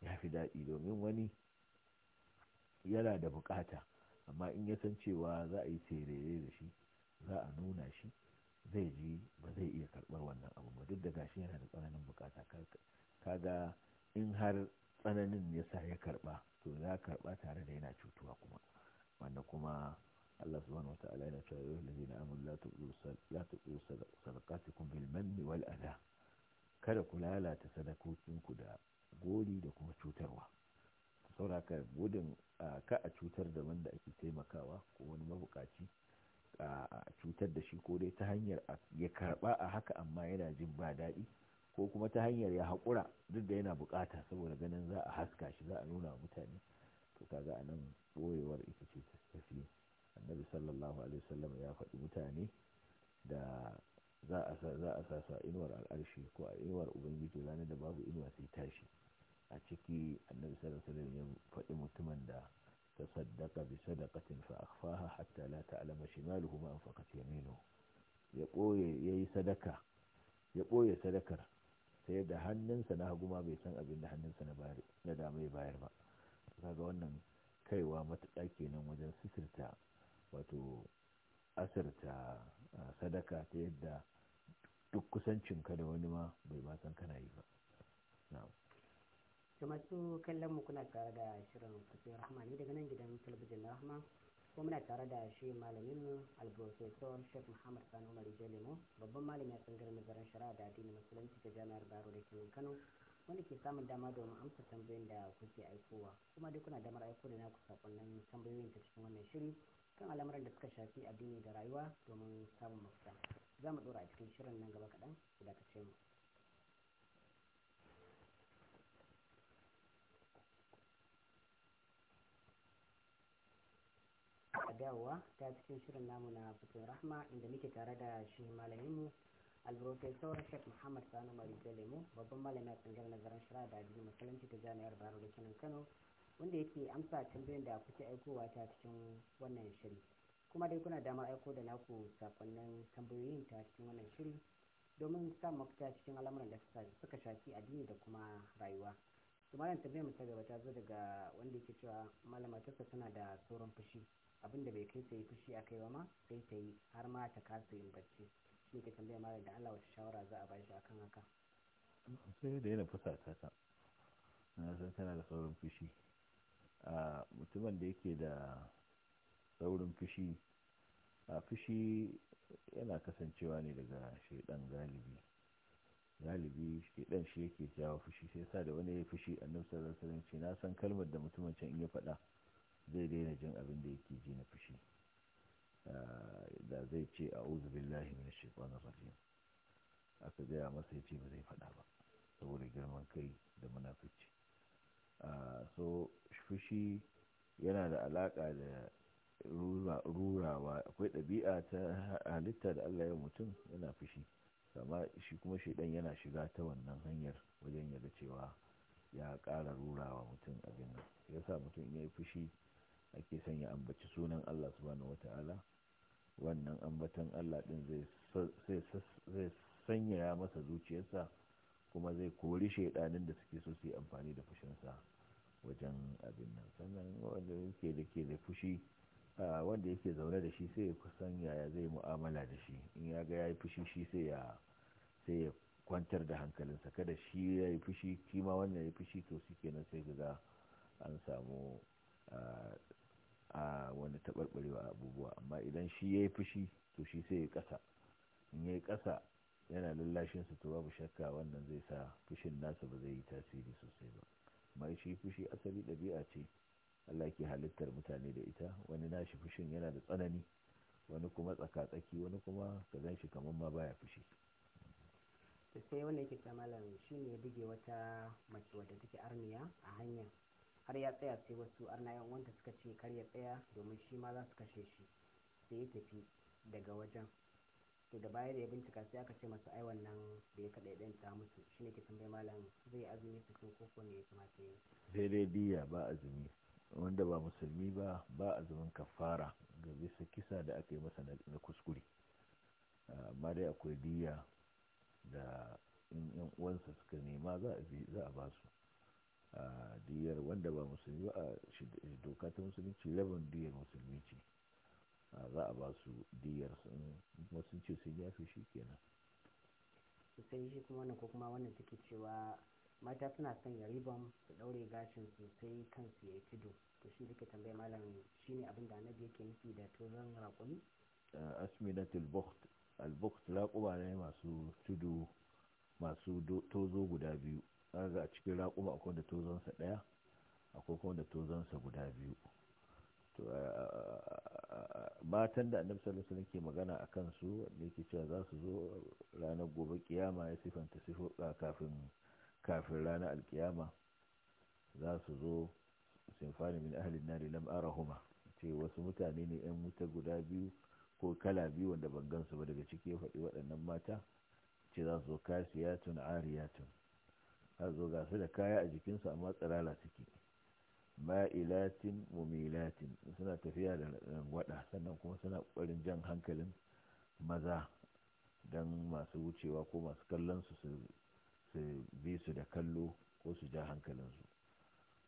ya fi daɗi domin wani yana da bukata amma in ya san cewa za a yi terere da shi za a nuna shi zai ji ba zai iya karɓar wannan abu ba duk da gashi yana da tsananin bukata kaga in har tsananin ya sa ya karɓa to ya karɓa tare da yana cutuwa kuma wanda kuma Allah subhanahu wata'ala yana cewa yau lalzina amin la tuɓi sadakatikun bilmanni wal kada ku lalata sadakokinku da gori da kuma cutarwa sauraka gudun ka a cutar da wanda ake taimakawa ko wani mabukaci a cutar da shi ko dai ta hanyar ya karba a haka amma yana jin ba daɗi ko kuma ta hanyar ya haƙura duk da yana bukata saboda ganin za a haska shi za a nuna mutane to kaga a nan ɓoyewar ita ce tafiye annabi sallallahu alaihi wasallam ya faɗi mutane da za a sa a inuwar al'arshi ko a inuwar ubangiji ranar da babu inuwa sai tashi a ciki annabi sallallahu alaihi wasallam ya faɗi mutumin da saddaka bi sadaqatin fa akhfaha hatta la ta'lama shimaluhu ma anfaqat yaminu ya ya sadaka ya ɓoye sadakar sai da hannunsa na haguma bai san abin da hannunsa na na dama ya bayar ba kaga wannan kaiwa matuƙa kenan wajen sisirta wato asirta sadaka ta yadda duk ka da wani ma bai ba san kana yi ba na'am kallon mu kuna tare da shirin kusur rahama ne daga nan gidan talabijin na rahama ko muna tare da shi malamin mu alprofesor shek muhammad sani umar lemo babban malami a tsangar nazarin shari'a da addinin musulunci ta jami'ar baro da ke kano wanda ke samun dama domin amsa tambayoyin da kuke aikowa kuma dai kuna damar aiko da naku sakonnin tambayoyin ta cikin wannan shiri kan al'amuran da suka shafi addini da rayuwa domin samun mafita za mu dora a cikin shirin nan gaba kaɗan da ka ce mu a dawowa ta cikin shirin namu na fitin rahma inda muke tare da shi malaminmu alburofesor shek muhammad sanu marijo lemo babban malamin a tsangar nazarin shara da biyu musulunci ta jami'ar baro da kano wanda yake amsa tambayoyin da kuke aikowa ta cikin wannan shiri kuma dai kuna damar aiko da naku sakonnin tambayoyin ta cikin wannan shiri domin sa mafita cikin al'amuran da suka shafi addini da kuma rayuwa malam tambayar mu ta gaba ta zo daga wanda yake cewa malama tasa tana da sauran fushi abin da bai kai ta yi fushi a kai ba ma sai ta yi har ma ta kasa yin bacci shi ke tambayar malam da Allah wata shawara za a ba shi akan haka sai da yana fusata ta na san tana da sauran fushi a mutumin da yake da saurin fushi a fushi yana kasancewa ne daga shaidan galibi galibi shaidan shi yake jawo fushi sai sa da wani ya fushi annabi sallallahu alaihi wasallam na san kalmar da mutumin can in ya faɗa zai daina jin abin da yake ji na fushi da zai ce a'udhu billahi minash shaitanir rajim aka gaya masa ya ce ba zai faɗa ba saboda girman kai da munafici so fushi yana da alaƙa da rurawa akwai ɗabi'a ta halitta da Allah ya mutum yana fushi amma shi kuma shaidan yana shiga ta wannan hanyar wajen ya ga cewa ya ƙara rurawa mutum abin nan ya sa mutum ya yi fushi ake son ya ambaci sunan Allah subhanahu wata'ala wannan ambatan Allah din zai sanya masa zuciyarsa kuma zai kori shaidanin da suke so su yi amfani da fushinsa wajen abin nan sannan wanda yake da ke da fushi wanda yake zaune da shi sai ya kusan yaya zai mu'amala da shi in ya ga ya yi fushi shi sai ya sai ya kwantar da hankalinsa kada shi ya yi fushi kima wannan ya fushi to shi kenan sai ga an samu a wani taɓarɓarewa abubuwa amma idan shi ya yi fushi to shi sai ya ƙasa in ya yi ƙasa yana lallashin su to babu shakka wannan zai sa fushin nasa ba zai yi tasiri sosai ba mai shi fushi asali ɗabi'a ce Allah ke halittar mutane da ita wani nashi fushin yana da tsanani wani kuma tsakatsaki wani kuma ka gan shi kamar ma baya fushi to sai wanda yake ta malam shi ne buge wata mace wadda take arniya a hanya har ya tsaya sai wasu arnayan wanda suka ce kar ya tsaya domin shi ma za su kashe shi sai ya tafi daga wajen to da bayan da ya bincika sai aka ce masa ai wannan da ya kaɗai ɗin ta mutu shi ne ke tambayi malam zai azumi su ko ko ne ya kamata ya sai dai diya ba azumi wanda ba musulmi ba ba azumin kafara ga bisa kisa da aka yi masa na kuskure ah, amma dai akwai diya da in yan uwansa suka nema za a za a basu a ah, diyar wanda ba musulmi ba a ah, doka ta musulunci rabin diyar musulmi ce za a ba su diyar kuma sun ce sun yafe shi kenan sai shi kuma wannan ko kuma wannan take cewa mata suna son ya ribon su daure gashin su sai kansu ya fido to shi take tambaye malam shine abin da annabi yake nufi da tozon raƙumi asminatul bukht al raƙuma ne masu tudu masu tozo guda biyu kaga a cikin raƙuma akwai da sa ɗaya akwai kuma da sa guda biyu matan da annabi sallallahu alaihi ke magana akan su da yake cewa za su zo ranar gobe kiyama ya sifanta sifofa kafin kafin ranar alkiyama za su zo sinfani min ahlin nari lam arahuma ce wasu mutane ne yan wuta guda biyu ko kala biyu wanda ban gansu ba daga ciki ya faɗi waɗannan mata ce za su zo kasiyatun ariyatun za zo ga su da kaya a jikinsu amma tsirala suke ma'ilatin mumilatin suna tafiya da rangwada sannan kuma suna ƙoƙarin jan hankalin maza don masu wucewa ko masu kallon su su bi su da kallo ko su ja hankalinsu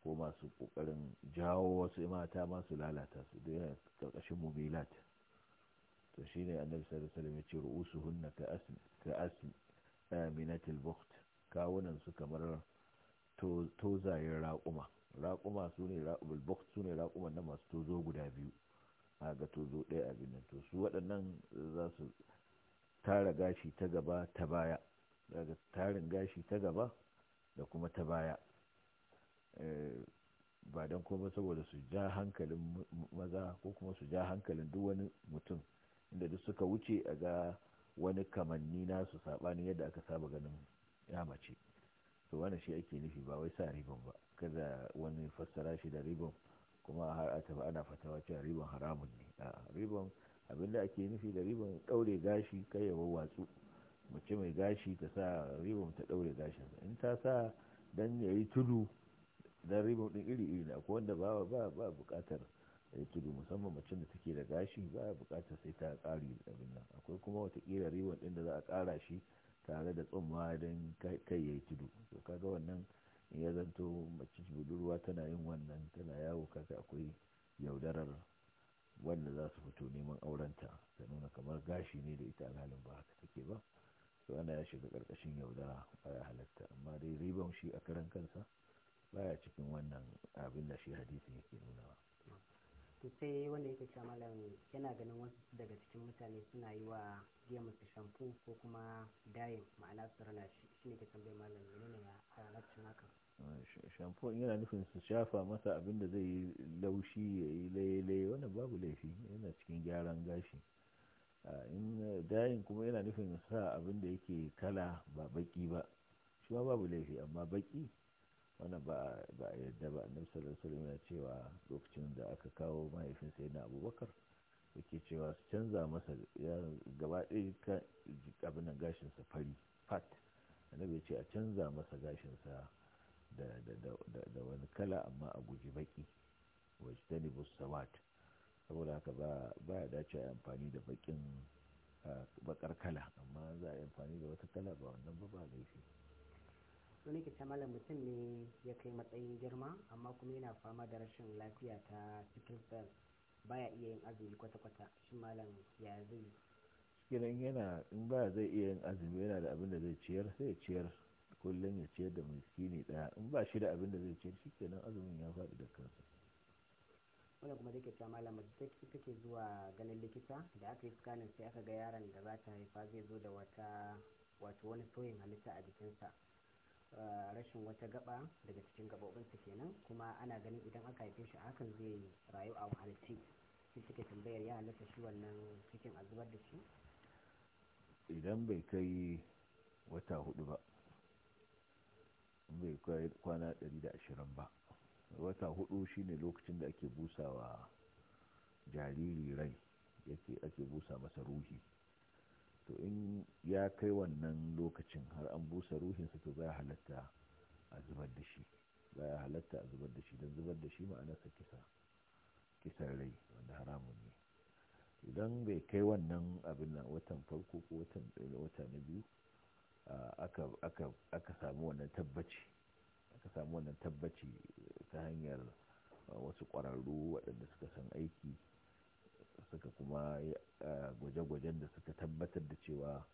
ko masu ƙoƙarin jawo wasu mata masu lalata su da yana ƙarƙashin mumilat to shine annabi sallallahu ya ce ru'usuhunna ka asmi ka asmi aminatil eh, bukht kawunan su kamar tozayin raƙuma raƙuma su ne raƙubul su ne raƙuman na masu tozo guda biyu a ga tozo ɗaya a binin to su waɗannan za su tara gashi ta gaba ta baya daga tarin gashi ta gaba da kuma ta baya eh, ba don kuma saboda su ja hankalin maza ko kuma su ja hankalin duk wani mutum inda duk suka wuce a ga wani kamanni nasu saɓanin yadda aka saba ganin ya mace to wannan shi ake nufi ba wai sa riban ba kada wani fassara shi da riban kuma har a tafi ana fatawa cewa riban haramun ne a riban abinda ake nufi da riban daure gashi kai ya wawatsu mace mai gashi ta sa riban ta daure gashin in ta sa dan yi tudu dan riban ɗin iri iri ne akwai wanda ba ba ba bukatar yi tudu musamman mace da take da gashi ba bukatar sai ta kari abin nan akwai kuma wata kila riban din da za a kara shi tare da tsumma don kai ya tudu to kaga wannan ya zanto mace budurwa tana yin wannan tana yawo kaga akwai yaudarar wanda za su fito neman aurenta ta nuna kamar gashi ne da ita alhalin ba haka take ba to ana ya shiga karkashin yaudara baya halatta amma dai ribon shi a karan kansa baya cikin wannan abin da shi hadisi yake nuna. to sai wanda yake cewa malam yana ganin wasu daga cikin mutane suna yi wa gemu su shamfu ko kuma dayin ma'ana su rana shi shi ne ke tambayar malam menene ya halarcin haka shamfu yana nufin su shafa masa abin da zai yi laushi ya yi laye-laye wanda babu laifi yana cikin gyaran gashi in dayin kuma yana nufin sa abin da yake kala ba baki ba shi ma babu laifi amma baki wannan ba a yadda ba annabi sallallahu alaihi wasallam cewa lokacin da aka kawo mahaifinsa yana abubakar yake cewa su canza masa ya gaba ɗaya abin nan gashinsa fari fat annabi ya ce a canza masa gashin sa da wani kala amma a guji baki wajen tanibus sawat saboda haka ba ya dace a amfani da bakin bakar kala amma za a yi amfani da wata kala ba wannan ba ba laifi so nake ta malam mutum ne ya kai matsayin girma amma kuma yana fama da rashin lafiya ta sickle cell baya iya yin azumi kwata-kwata shi malam ya zai kiran yana in ba zai iya yin azumi yana da abin da zai ciyar sai ya ciyar kullum ya ciyar da miskini daya in ba shi da abin da zai ciyar shikenan azumin ya faɗi da kansa wannan kuma take ta malama da take zuwa ganin likita da aka yi scanning sai aka ga yaron da za ta haifa zai zo da wata wato wani sauyin halitta a jikinsa Eh, rashin wata gaba daga cikin gabobinsa kenan kuma ana ganin idan aka haife shi hakan zai rayu a wahalci shi suke tambayar ya halatta shi wannan cikin a zubar da shi idan bai kai wata hudu ba bai kai kwana 120 ba wata hudu shine lokacin da ake busawa jariri rai yake ake busa masa ruhi to in ya kai wannan lokacin har an busa ruhinsa to a halatta a zubar da shi a halatta a zubar da shi don zubar da shi ma'anarsa kisa kisan rai wanda haramun ne idan bai kai wannan abin nan watan farko ko watan wata na biyu aka samu wannan tabbaci aka samu wannan tabbaci ta hanyar wasu ƙwararru waɗanda suka san aiki suka kuma eh, gwaje-gwajen da suka tabbatar da cewa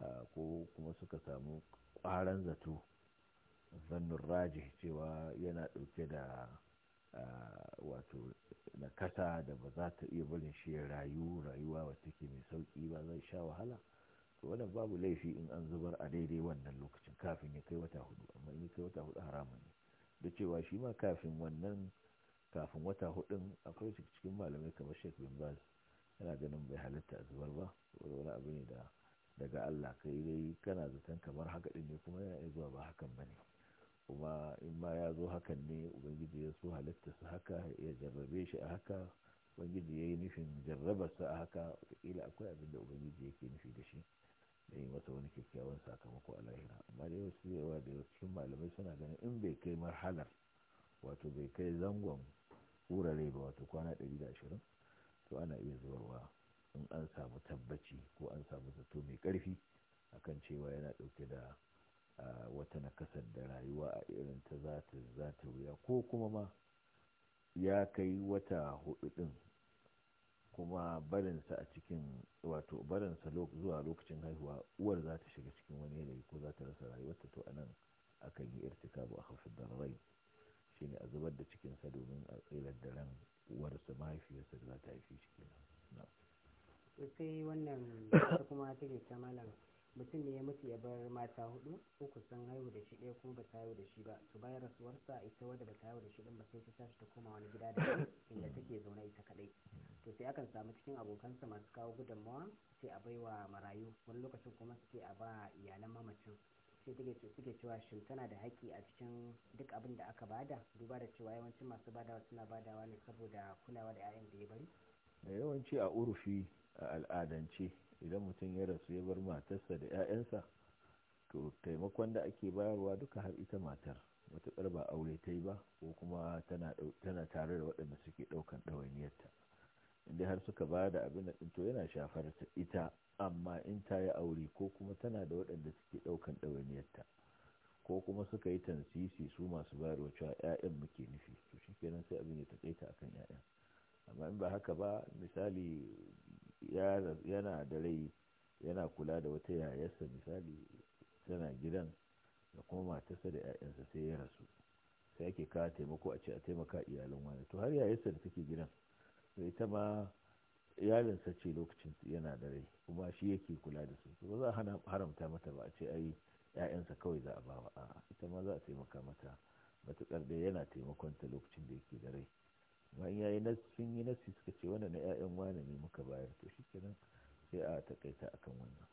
eh, ko kuma suka samu ƙwaran zato zannin raji cewa yana ɗauke da eh, wato nakasa da ba za ta iya barin shi rayu rayuwa wata ke mai sauƙi ba zai sha wahala to wannan babu laifi in an zubar a daidai wannan lokacin kafin ya kai wata hudu amma in ya kai wata hudu haramun ne da cewa shi ma kafin wannan kafin wata hudun akwai cikin malamai kamar sheikh bin baz yana ganin bai halitta a zubar ba saboda wani abu ne da daga Allah kai dai kana zaton kamar haka din ne kuma yana zuwa ba hakan ba ne kuma in ma ya zo hakan ne ubangiji ya so halitta su haka ya jarrabe shi a haka ubangiji ya yi nufin jarrabarsa a haka wataƙila akwai abin da ubangiji yake nufi da shi da yi masa wani kyakkyawan sakamako a lahira amma da wasu yawa da cikin malamai suna ganin in bai kai marhalar wato bai kai zangon wurare ba wato kwana ɗari da ashirin to ana iya zubarwa in an samu tabbaci ko an samu zato mai karfi akan cewa yana ɗauke da wata nakasar da rayuwa a irin ta zata zata wuya ko kuma ma ya kai wata hudu ɗin kuma barinsa a cikin wato barinsa zuwa lokacin haihuwa uwar za ta shiga cikin wani yanayi ko za ta rasa rayuwarta to anan akan yi irtikabu a hafin dararai shine a zubar da cikinsa domin a tsirar da ran uwarsa mahaifiyarsa da za ta haifi shi kenan sai wannan ta kuma ta take ta malam mutum ne ya mutu ya bar mata hudu uku sun haihu da shi ɗaya kuma ba ta haihu da shi ba to bayan rasuwarsa ita wadda ba ta haihu da shi ɗin ba sai ta tashi ta koma wani gida da inda take zaune ita kaɗai to sai akan samu cikin abokansa masu kawo gudunmawa sai a baiwa marayu wani lokacin kuma sai a ba iyalan mamacin shi suke cewa shin tana da haƙƙi a cikin duk abin da aka bada duba da cewa yawancin masu badawa suna badawa ne saboda kulawa da 'ya'yan da ya bari eh, yawanci a urufi a al'adance idan mutum ya rasu ya bar matarsa da 'ya'yansa to taimakon da ake bayarwa duka har ita matar matuƙar ba aure ta yi ba ko kuma tana tare da waɗanda suke ɗaukan ɗawainiyarta inda har suka ba da abin da to yana shafar ita amma in ta yi aure ko kuma tana da waɗanda suke ɗaukan ɗawainiyarta ko kuma suka yi tansisi su masu bayarwa cewa 'ya'yan muke nufi to shi kenan sai abin ya taƙaita akan 'ya'yan amma in ba haka ba misali yana da rai yana kula da wata yayarsa misali tana gidan da kuma matarsa da 'ya'yansa sai ya rasu sai ake kawo taimako a ce a taimaka iyalan wani to har yayarsa da take gidan to ita ma iyalinsa ce lokacin yana da rai kuma shi yake kula da su ba za a haramta mata ba a ce ai ‘ya'yansa kawai za a ba wa a ita ma za a taimaka mata matuƙar da yana taimakon ta lokacin da yake da rai amma in yayi sun yi nasi suka ce wannan na ‘ya'yan wane ne muka bayar to shi kenan sai a takaita akan wannan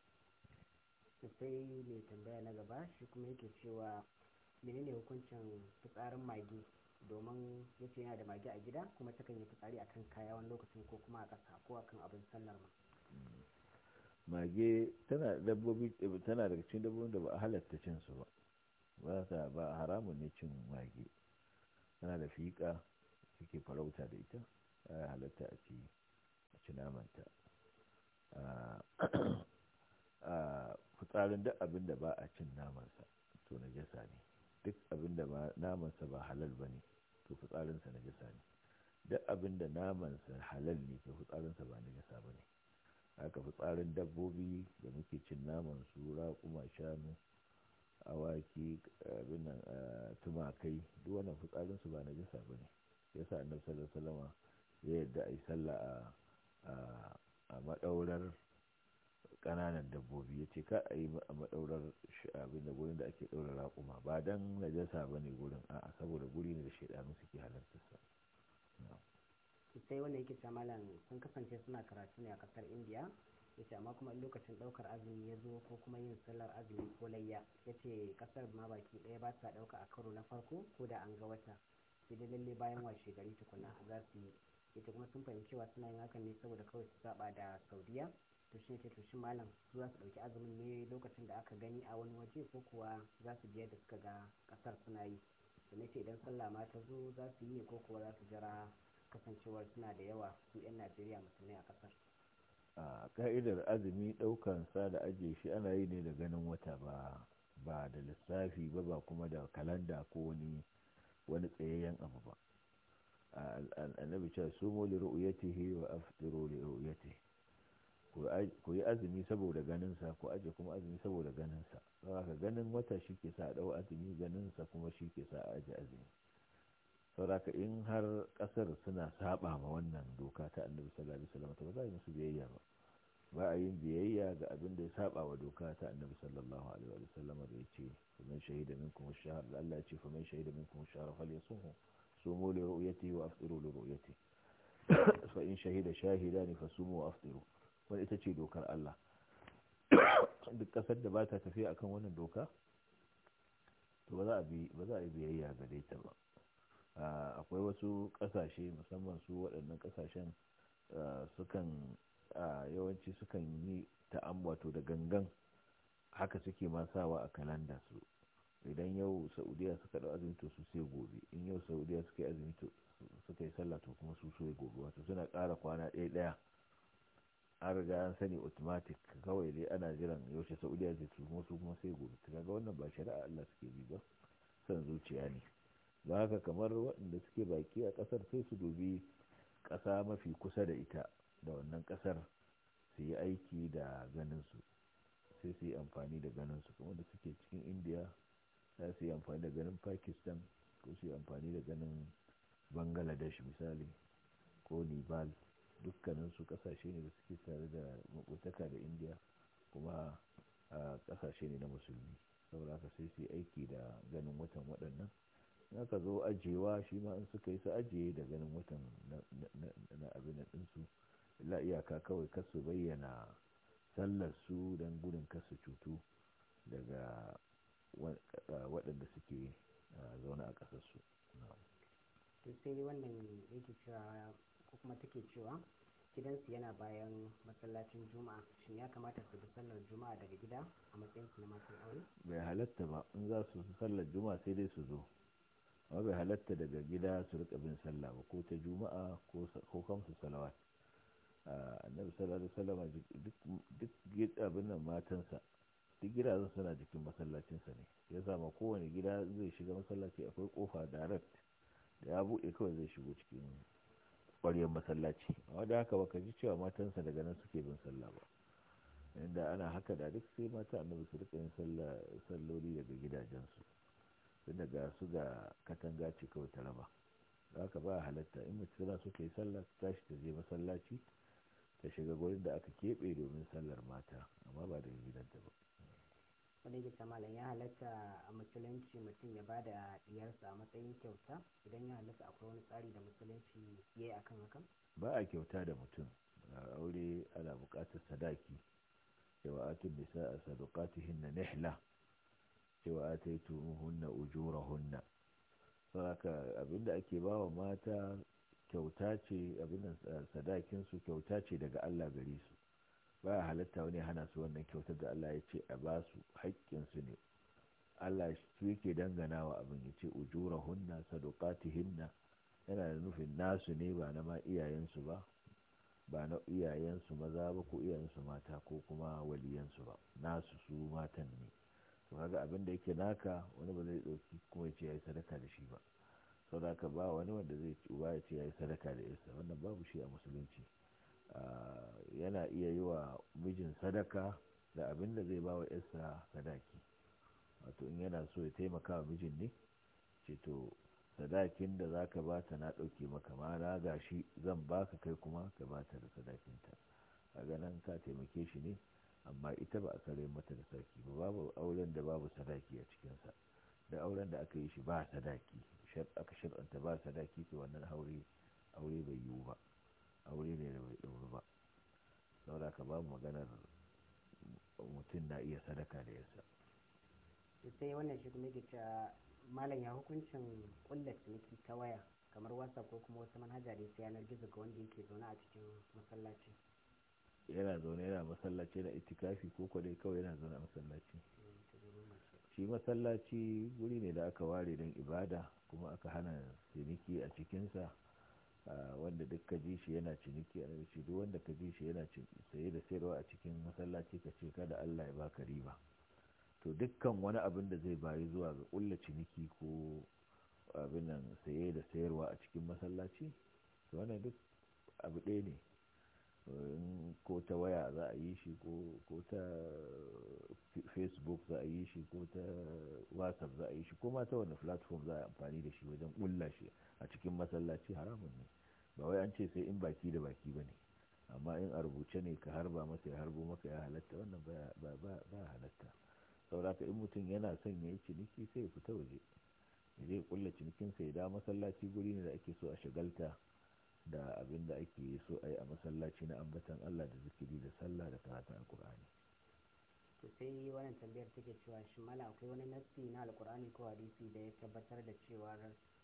sai mai tambaya na gaba shi kuma yake cewa menene hukuncin fitsarin mage domin ya yana da mage a gida kuma takan yi fitsari a kan kaya wani lokacin ko kuma a ƙasa ko a kan abin sallar ma mage tana dabbobi cikin dabbobin da ba a halatta cin su ba ba ta ba haramun ne cin mage tana da fiƙa suke farauta da ita ya halatta a ci a ci namanta a fitsarin duk abin da ba a cin namansa to na jasa ne duk abin da namansa ba halal ba ne to fitsarinsa na jisa ne duk abin da namansa halal ne to fitsarinsa ba na jisa ba ne haka fitsarin dabbobi da muke cin naman su raƙuma shanu awaki abin nan tumakai duk wannan fitsarinsu ba na jisa ba ne sa annabi sallallahu alaihi wasallama ya yarda a yi sallah a a madaurar kananan dabbobi ya ce ka a yi maɗaurar abin da gurin da ake ɗaura raƙuma ba don najasa ba ne gurin a saboda guri ne da shaidanu suke halartarsa sai wanda yake cewa malam sun kasance suna karatu ne a kasar indiya ya ce amma kuma lokacin ɗaukar azumi ya zo ko kuma yin sallar azumi ko layya ya ce ƙasar ma baki ɗaya ba ta ɗauka a karo na farko ko da an ga wata sai dai lalle bayan washe gari tukuna za su yi ita kuma sun fahimci cewa suna yin hakan ne saboda kawai su saba da saudiya to shi ce to shi malam su za su ɗauki azumin ne lokacin da aka gani a wani waje ko kuwa za su biyar da suka ga ƙasar suna yi da ce idan sallah ma ta zo za su yi ko kuwa za su jira kasancewar suna da yawa su 'yan najeriya musulmai a ƙasar a ka'idar azumi sa da ajiye shi ana yi ne da ganin wata ba ba da lissafi ba ba kuma da kalanda ko wani wani tsayayyen abu ba annabi cewa sumo li ru'yatihi wa aftiru li ru'yatihi ku yi azumi saboda ganinsa ku aje kuma azumi saboda ganinsa saboda ganin wata shi ke sa a ɗau azumi ganinsa kuma shi ke sa a aje azumi saboda in har ƙasar suna saba ma wannan doka ta annabi sallallahu alaihi wasallam to ba za a yi musu biyayya ba ba a yin biyayya ga abin da ya saba wa doka ta annabi sallallahu alaihi wasallam da ya ce faman shahida minkum ash-shahr Allah ya ce faman shahida minkum ash-shahr falyasumhu sumu li ru'yati wa afṭiru li ru'yati fa in shahida shahidan fasumu wa afṭiru wani ita ce dokar Allah duk ƙasar da ba ta tafiya akan wannan doka to ba za a yi biyayya gare ta ba akwai wasu ƙasashe musamman su waɗannan kasashen sukan yawanci sukan yi ta'am wato da gangan haka suke masawa sawa a kalanda su idan yau saudiya suka ɗau azumi to su sai gobe in yau saudiya suka yi sallah to kuma su so gobe wato suna ƙara kwana ɗaya ɗaya an riga an sani automatic kawai dai ana jiran yaushe saudiya zai tumo su kuma sai gobe ta ga wannan ba shari'a Allah suke bi ba san zuciya ne ba haka kamar waɗanda suke baki a ƙasar sai su dubi ƙasa mafi kusa da ita da wannan ƙasar su yi aiki da ganin su sai su yi amfani da ganin su kuma da suke cikin indiya za su yi amfani da ganin pakistan ko su yi amfani da ganin bangladesh misali ko nepal dukkaninsu kasashe ne da suke tare da makwataka da indiya kuma a kasashe ne na musulmi saboda haka sai su aiki da ganin watan waɗannan aka zo ajiyewa shi ma in suka yi su ajiye da ganin watan na abin ɗinsu la iyaka kawai kasu bayyana sallar su don gudun kar cutu daga waɗanda suke zaune a ƙasarsu. ko kuma take cewa gidansu yana bayan masallacin juma'a shin ya kamata su bi sallar juma'a daga gida a matsayin su na matan aure bai halatta ba in za su sallar juma'a sai dai su zo amma bai halatta daga gida su rika bin sallah ba ko ta juma'a ko kamsu salawat annabi sallallahu alaihi wasallam duk duk abin nan matansa duk gidajen suna jikin masallacinsa ne ya zama kowane gida zai shiga masallaci akwai kofa direct da ya buɗe kawai zai shigo cikin Ƙwaryar masallaci amma da haka baka ji cewa matansa daga nan suke bin sallah ba inda ana haka da duk sai mata annabi su rika yin salloli daga gidajensu tunda ga su ga katanga ce kawai ta raba da haka ba halatta in mace tana suka yi sallah ta tashi ta je masallaci ta shiga gurin da aka keɓe domin sallar mata amma ba daga gidanta ba wani yake malam ya halatta a musulunci mutum ya bada diyarsa a matsayin kyauta idan ya halatta akwai wani tsari da musulunci ya yi akan hakan ba a kyauta da mutum a aure ana buƙatar sadaki cewa atun nisa a sadukatihinna nihla cewa ujura hunna saboda abinda ake bawa mata kyauta ce abin sadakin kyauta ce daga Allah gare su ba halatta wani hana su wannan kyautar da Allah ya ce a ba su haƙƙinsu ne Allah su yake wa abin ya ce ujurahunna hinna yana da nufin nasu ne ba na ma iyayensu ba ba na iyayensu maza ba ko iyayensu mata ko kuma waliyansu ba nasu su matan ne to kaga abin da yake naka wani ba zai ɗauki kuma ya ce ya yi sadaka da shi ba saboda haka ba wani wanda zai ce uba ya yi sadaka da isa wannan babu shi a musulunci Ah, yana iya yi wa mijin sadaka da abin da zai ba wa yarsa sadaki wato in yana so ya taimaka wa mijin ne ce to sadakin da za ka bata na ɗauke maka ma na gashi zan baka kai kuma ka bata da sadakinta a ganin ka taimake shi ne amma ita ba a kare mata da sadaki ba babu auren da babu sadaki a cikinsa da auren da aka yi shi ba sadaki aka shar'anta ba sadaki to wannan aure aure bai yiwu ba aure ne da bai ɗauri ba saboda ka babu maganar mutum na iya sadaka da yasa sai wannan shi kuma yake cewa malam ya hukuncin kulla ciniki ta waya kamar wasa ko kuma wasu manhaja da ta yanar gizo ga wanda yake zaune a cikin masallaci yana zaune yana masallaci na itikafi ko kwadai kawai yana zaune a masallaci shi masallaci wuri ne da aka ware don ibada kuma aka hana ciniki a cikinsa wanda duk ka ji shi yana ciniki a ce duk wanda ka ji shi yana saye da sayarwa a cikin masallaci ka ce kada Allah ya baka riba to dukkan wani abin da zai bayi zuwa ga kulla ciniki ko abin nan saye da sayarwa a cikin masallaci to wannan duk abu ɗaya ne ko ta waya za a yi shi ko ta facebook za a yi shi ko ta whatsapp za a yi shi ko ma ta wani platform za a amfani da shi wajen ƙulla shi a cikin masallaci haramun ne ba wai an ce sai in baki da baki ba ne amma in a rubuce ne ka harba masa ya harbo maka ya halatta wannan ba halatta ka in mutum yana son ya yi ciniki sai ya fita waje ya je ya ƙulla cinikinsa ya da masallaci guri ne da ake so a shagalta da abin da ake so a yi a masallaci na ambatan Allah da zikiri da sallah da karatun alkur'ani to sai wannan tambayar take cewa shi mala akwai wani nassi na alkur'ani ko hadisi da ya tabbatar da cewa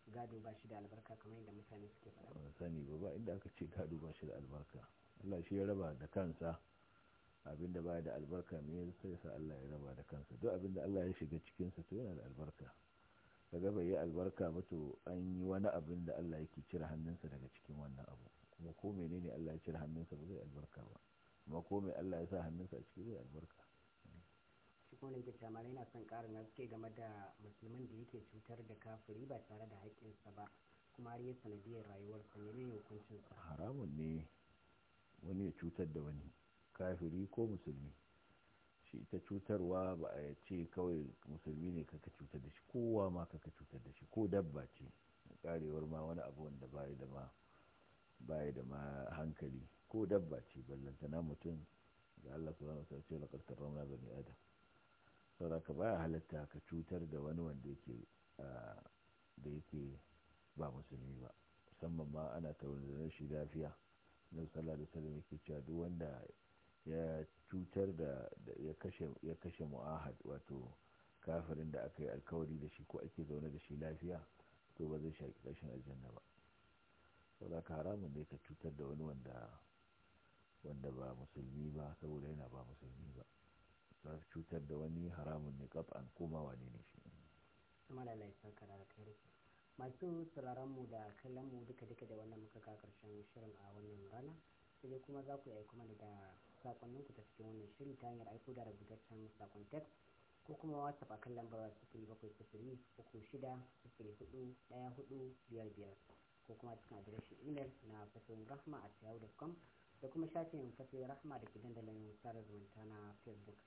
gado ba shi da albarka kamar yadda mutane suke faɗa ban sani ba ba inda aka ce gado ba shi da albarka Allah shi ya raba da kansa abin da ba da albarka ya yasa Allah ya raba da kansa duk abin da Allah ya shiga cikin sa to yana da albarka kaga bai yi albarka ba to an yi wani abin da Allah yake cire hannunsa daga cikin wannan abu kuma ko menene Allah ya cire hannunsa ba zai albarka ba kuma ko mai Allah ya sa hannunsa a ciki zai albarka shi ko ne ke yana son karin haske game da musulmin da yake cutar da kafiri ba tare da haƙƙinsa ba kuma har ya sanadiyar rayuwarsa ne ne hukuncinsa haramun ne wani ya cutar da wani kafiri ko musulmi ita cutarwa ba a ce kawai musulmi ne kaka cutar da shi kowa ma kaka cutar da shi ko dabba ce karewar ma wani abu wanda ba da ma da ma hankali ko dabba ce ballantana mutum da Allah subhanahu wa da karkar laqad ba bani adam saboda ka baya halatta ka cutar da wani wanda yake da yake ba musulmi ba musamman ma ana taurin da lafiya na sallah da wasallam yake cewa duk wanda ya cutar da ya kashe mu'ahad wato kafirin da aka yi alkawari da shi ko ake zaune da shi lafiya to ba zai shaƙi ƙashin aljanna ba saboda ka haramun da ka cutar da wani wanda wanda ba musulmi ba saboda yana ba musulmi ba za su cutar da wani haramun ne kaf an koma wane ne shi malalai sun kara da kai masu sauraron mu da kallon mu duka duka da wannan muka ka karshen shirin a wannan rana sai kuma za ku yi kuma da sakonninku ta cikin wannan shiri ta hanyar aiko da rubutaccen sakon text ko kuma whatsapp akan lambar sifiri bakwai sifiri uku shida sifiri hudu daya hudu biyar biyar ko kuma cikin adireshin imel na fasirin rahma a yahoo.com da kuma shafin fasirin rahma da ke dandalin sada zumunta na facebook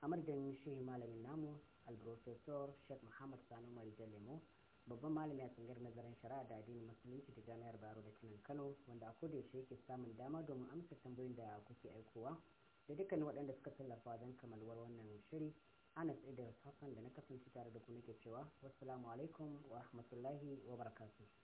a madadin shi malamin namu alprofesor sheikh muhammad sanu marijan lemo babban malami a tsangar nazarin shari'a da addinin musulunci da jami'ar bayero da kanan kano wanda a koda yaushe yake samun dama domin amsa tambayoyin da kuke aikowa da dukkanin waɗanda suka tallafa don kamalwar wannan shiri anas idris hassan da na kasance tare da ku nake cewa wassalamu alaikum wa rahmatullahi wa barakatuh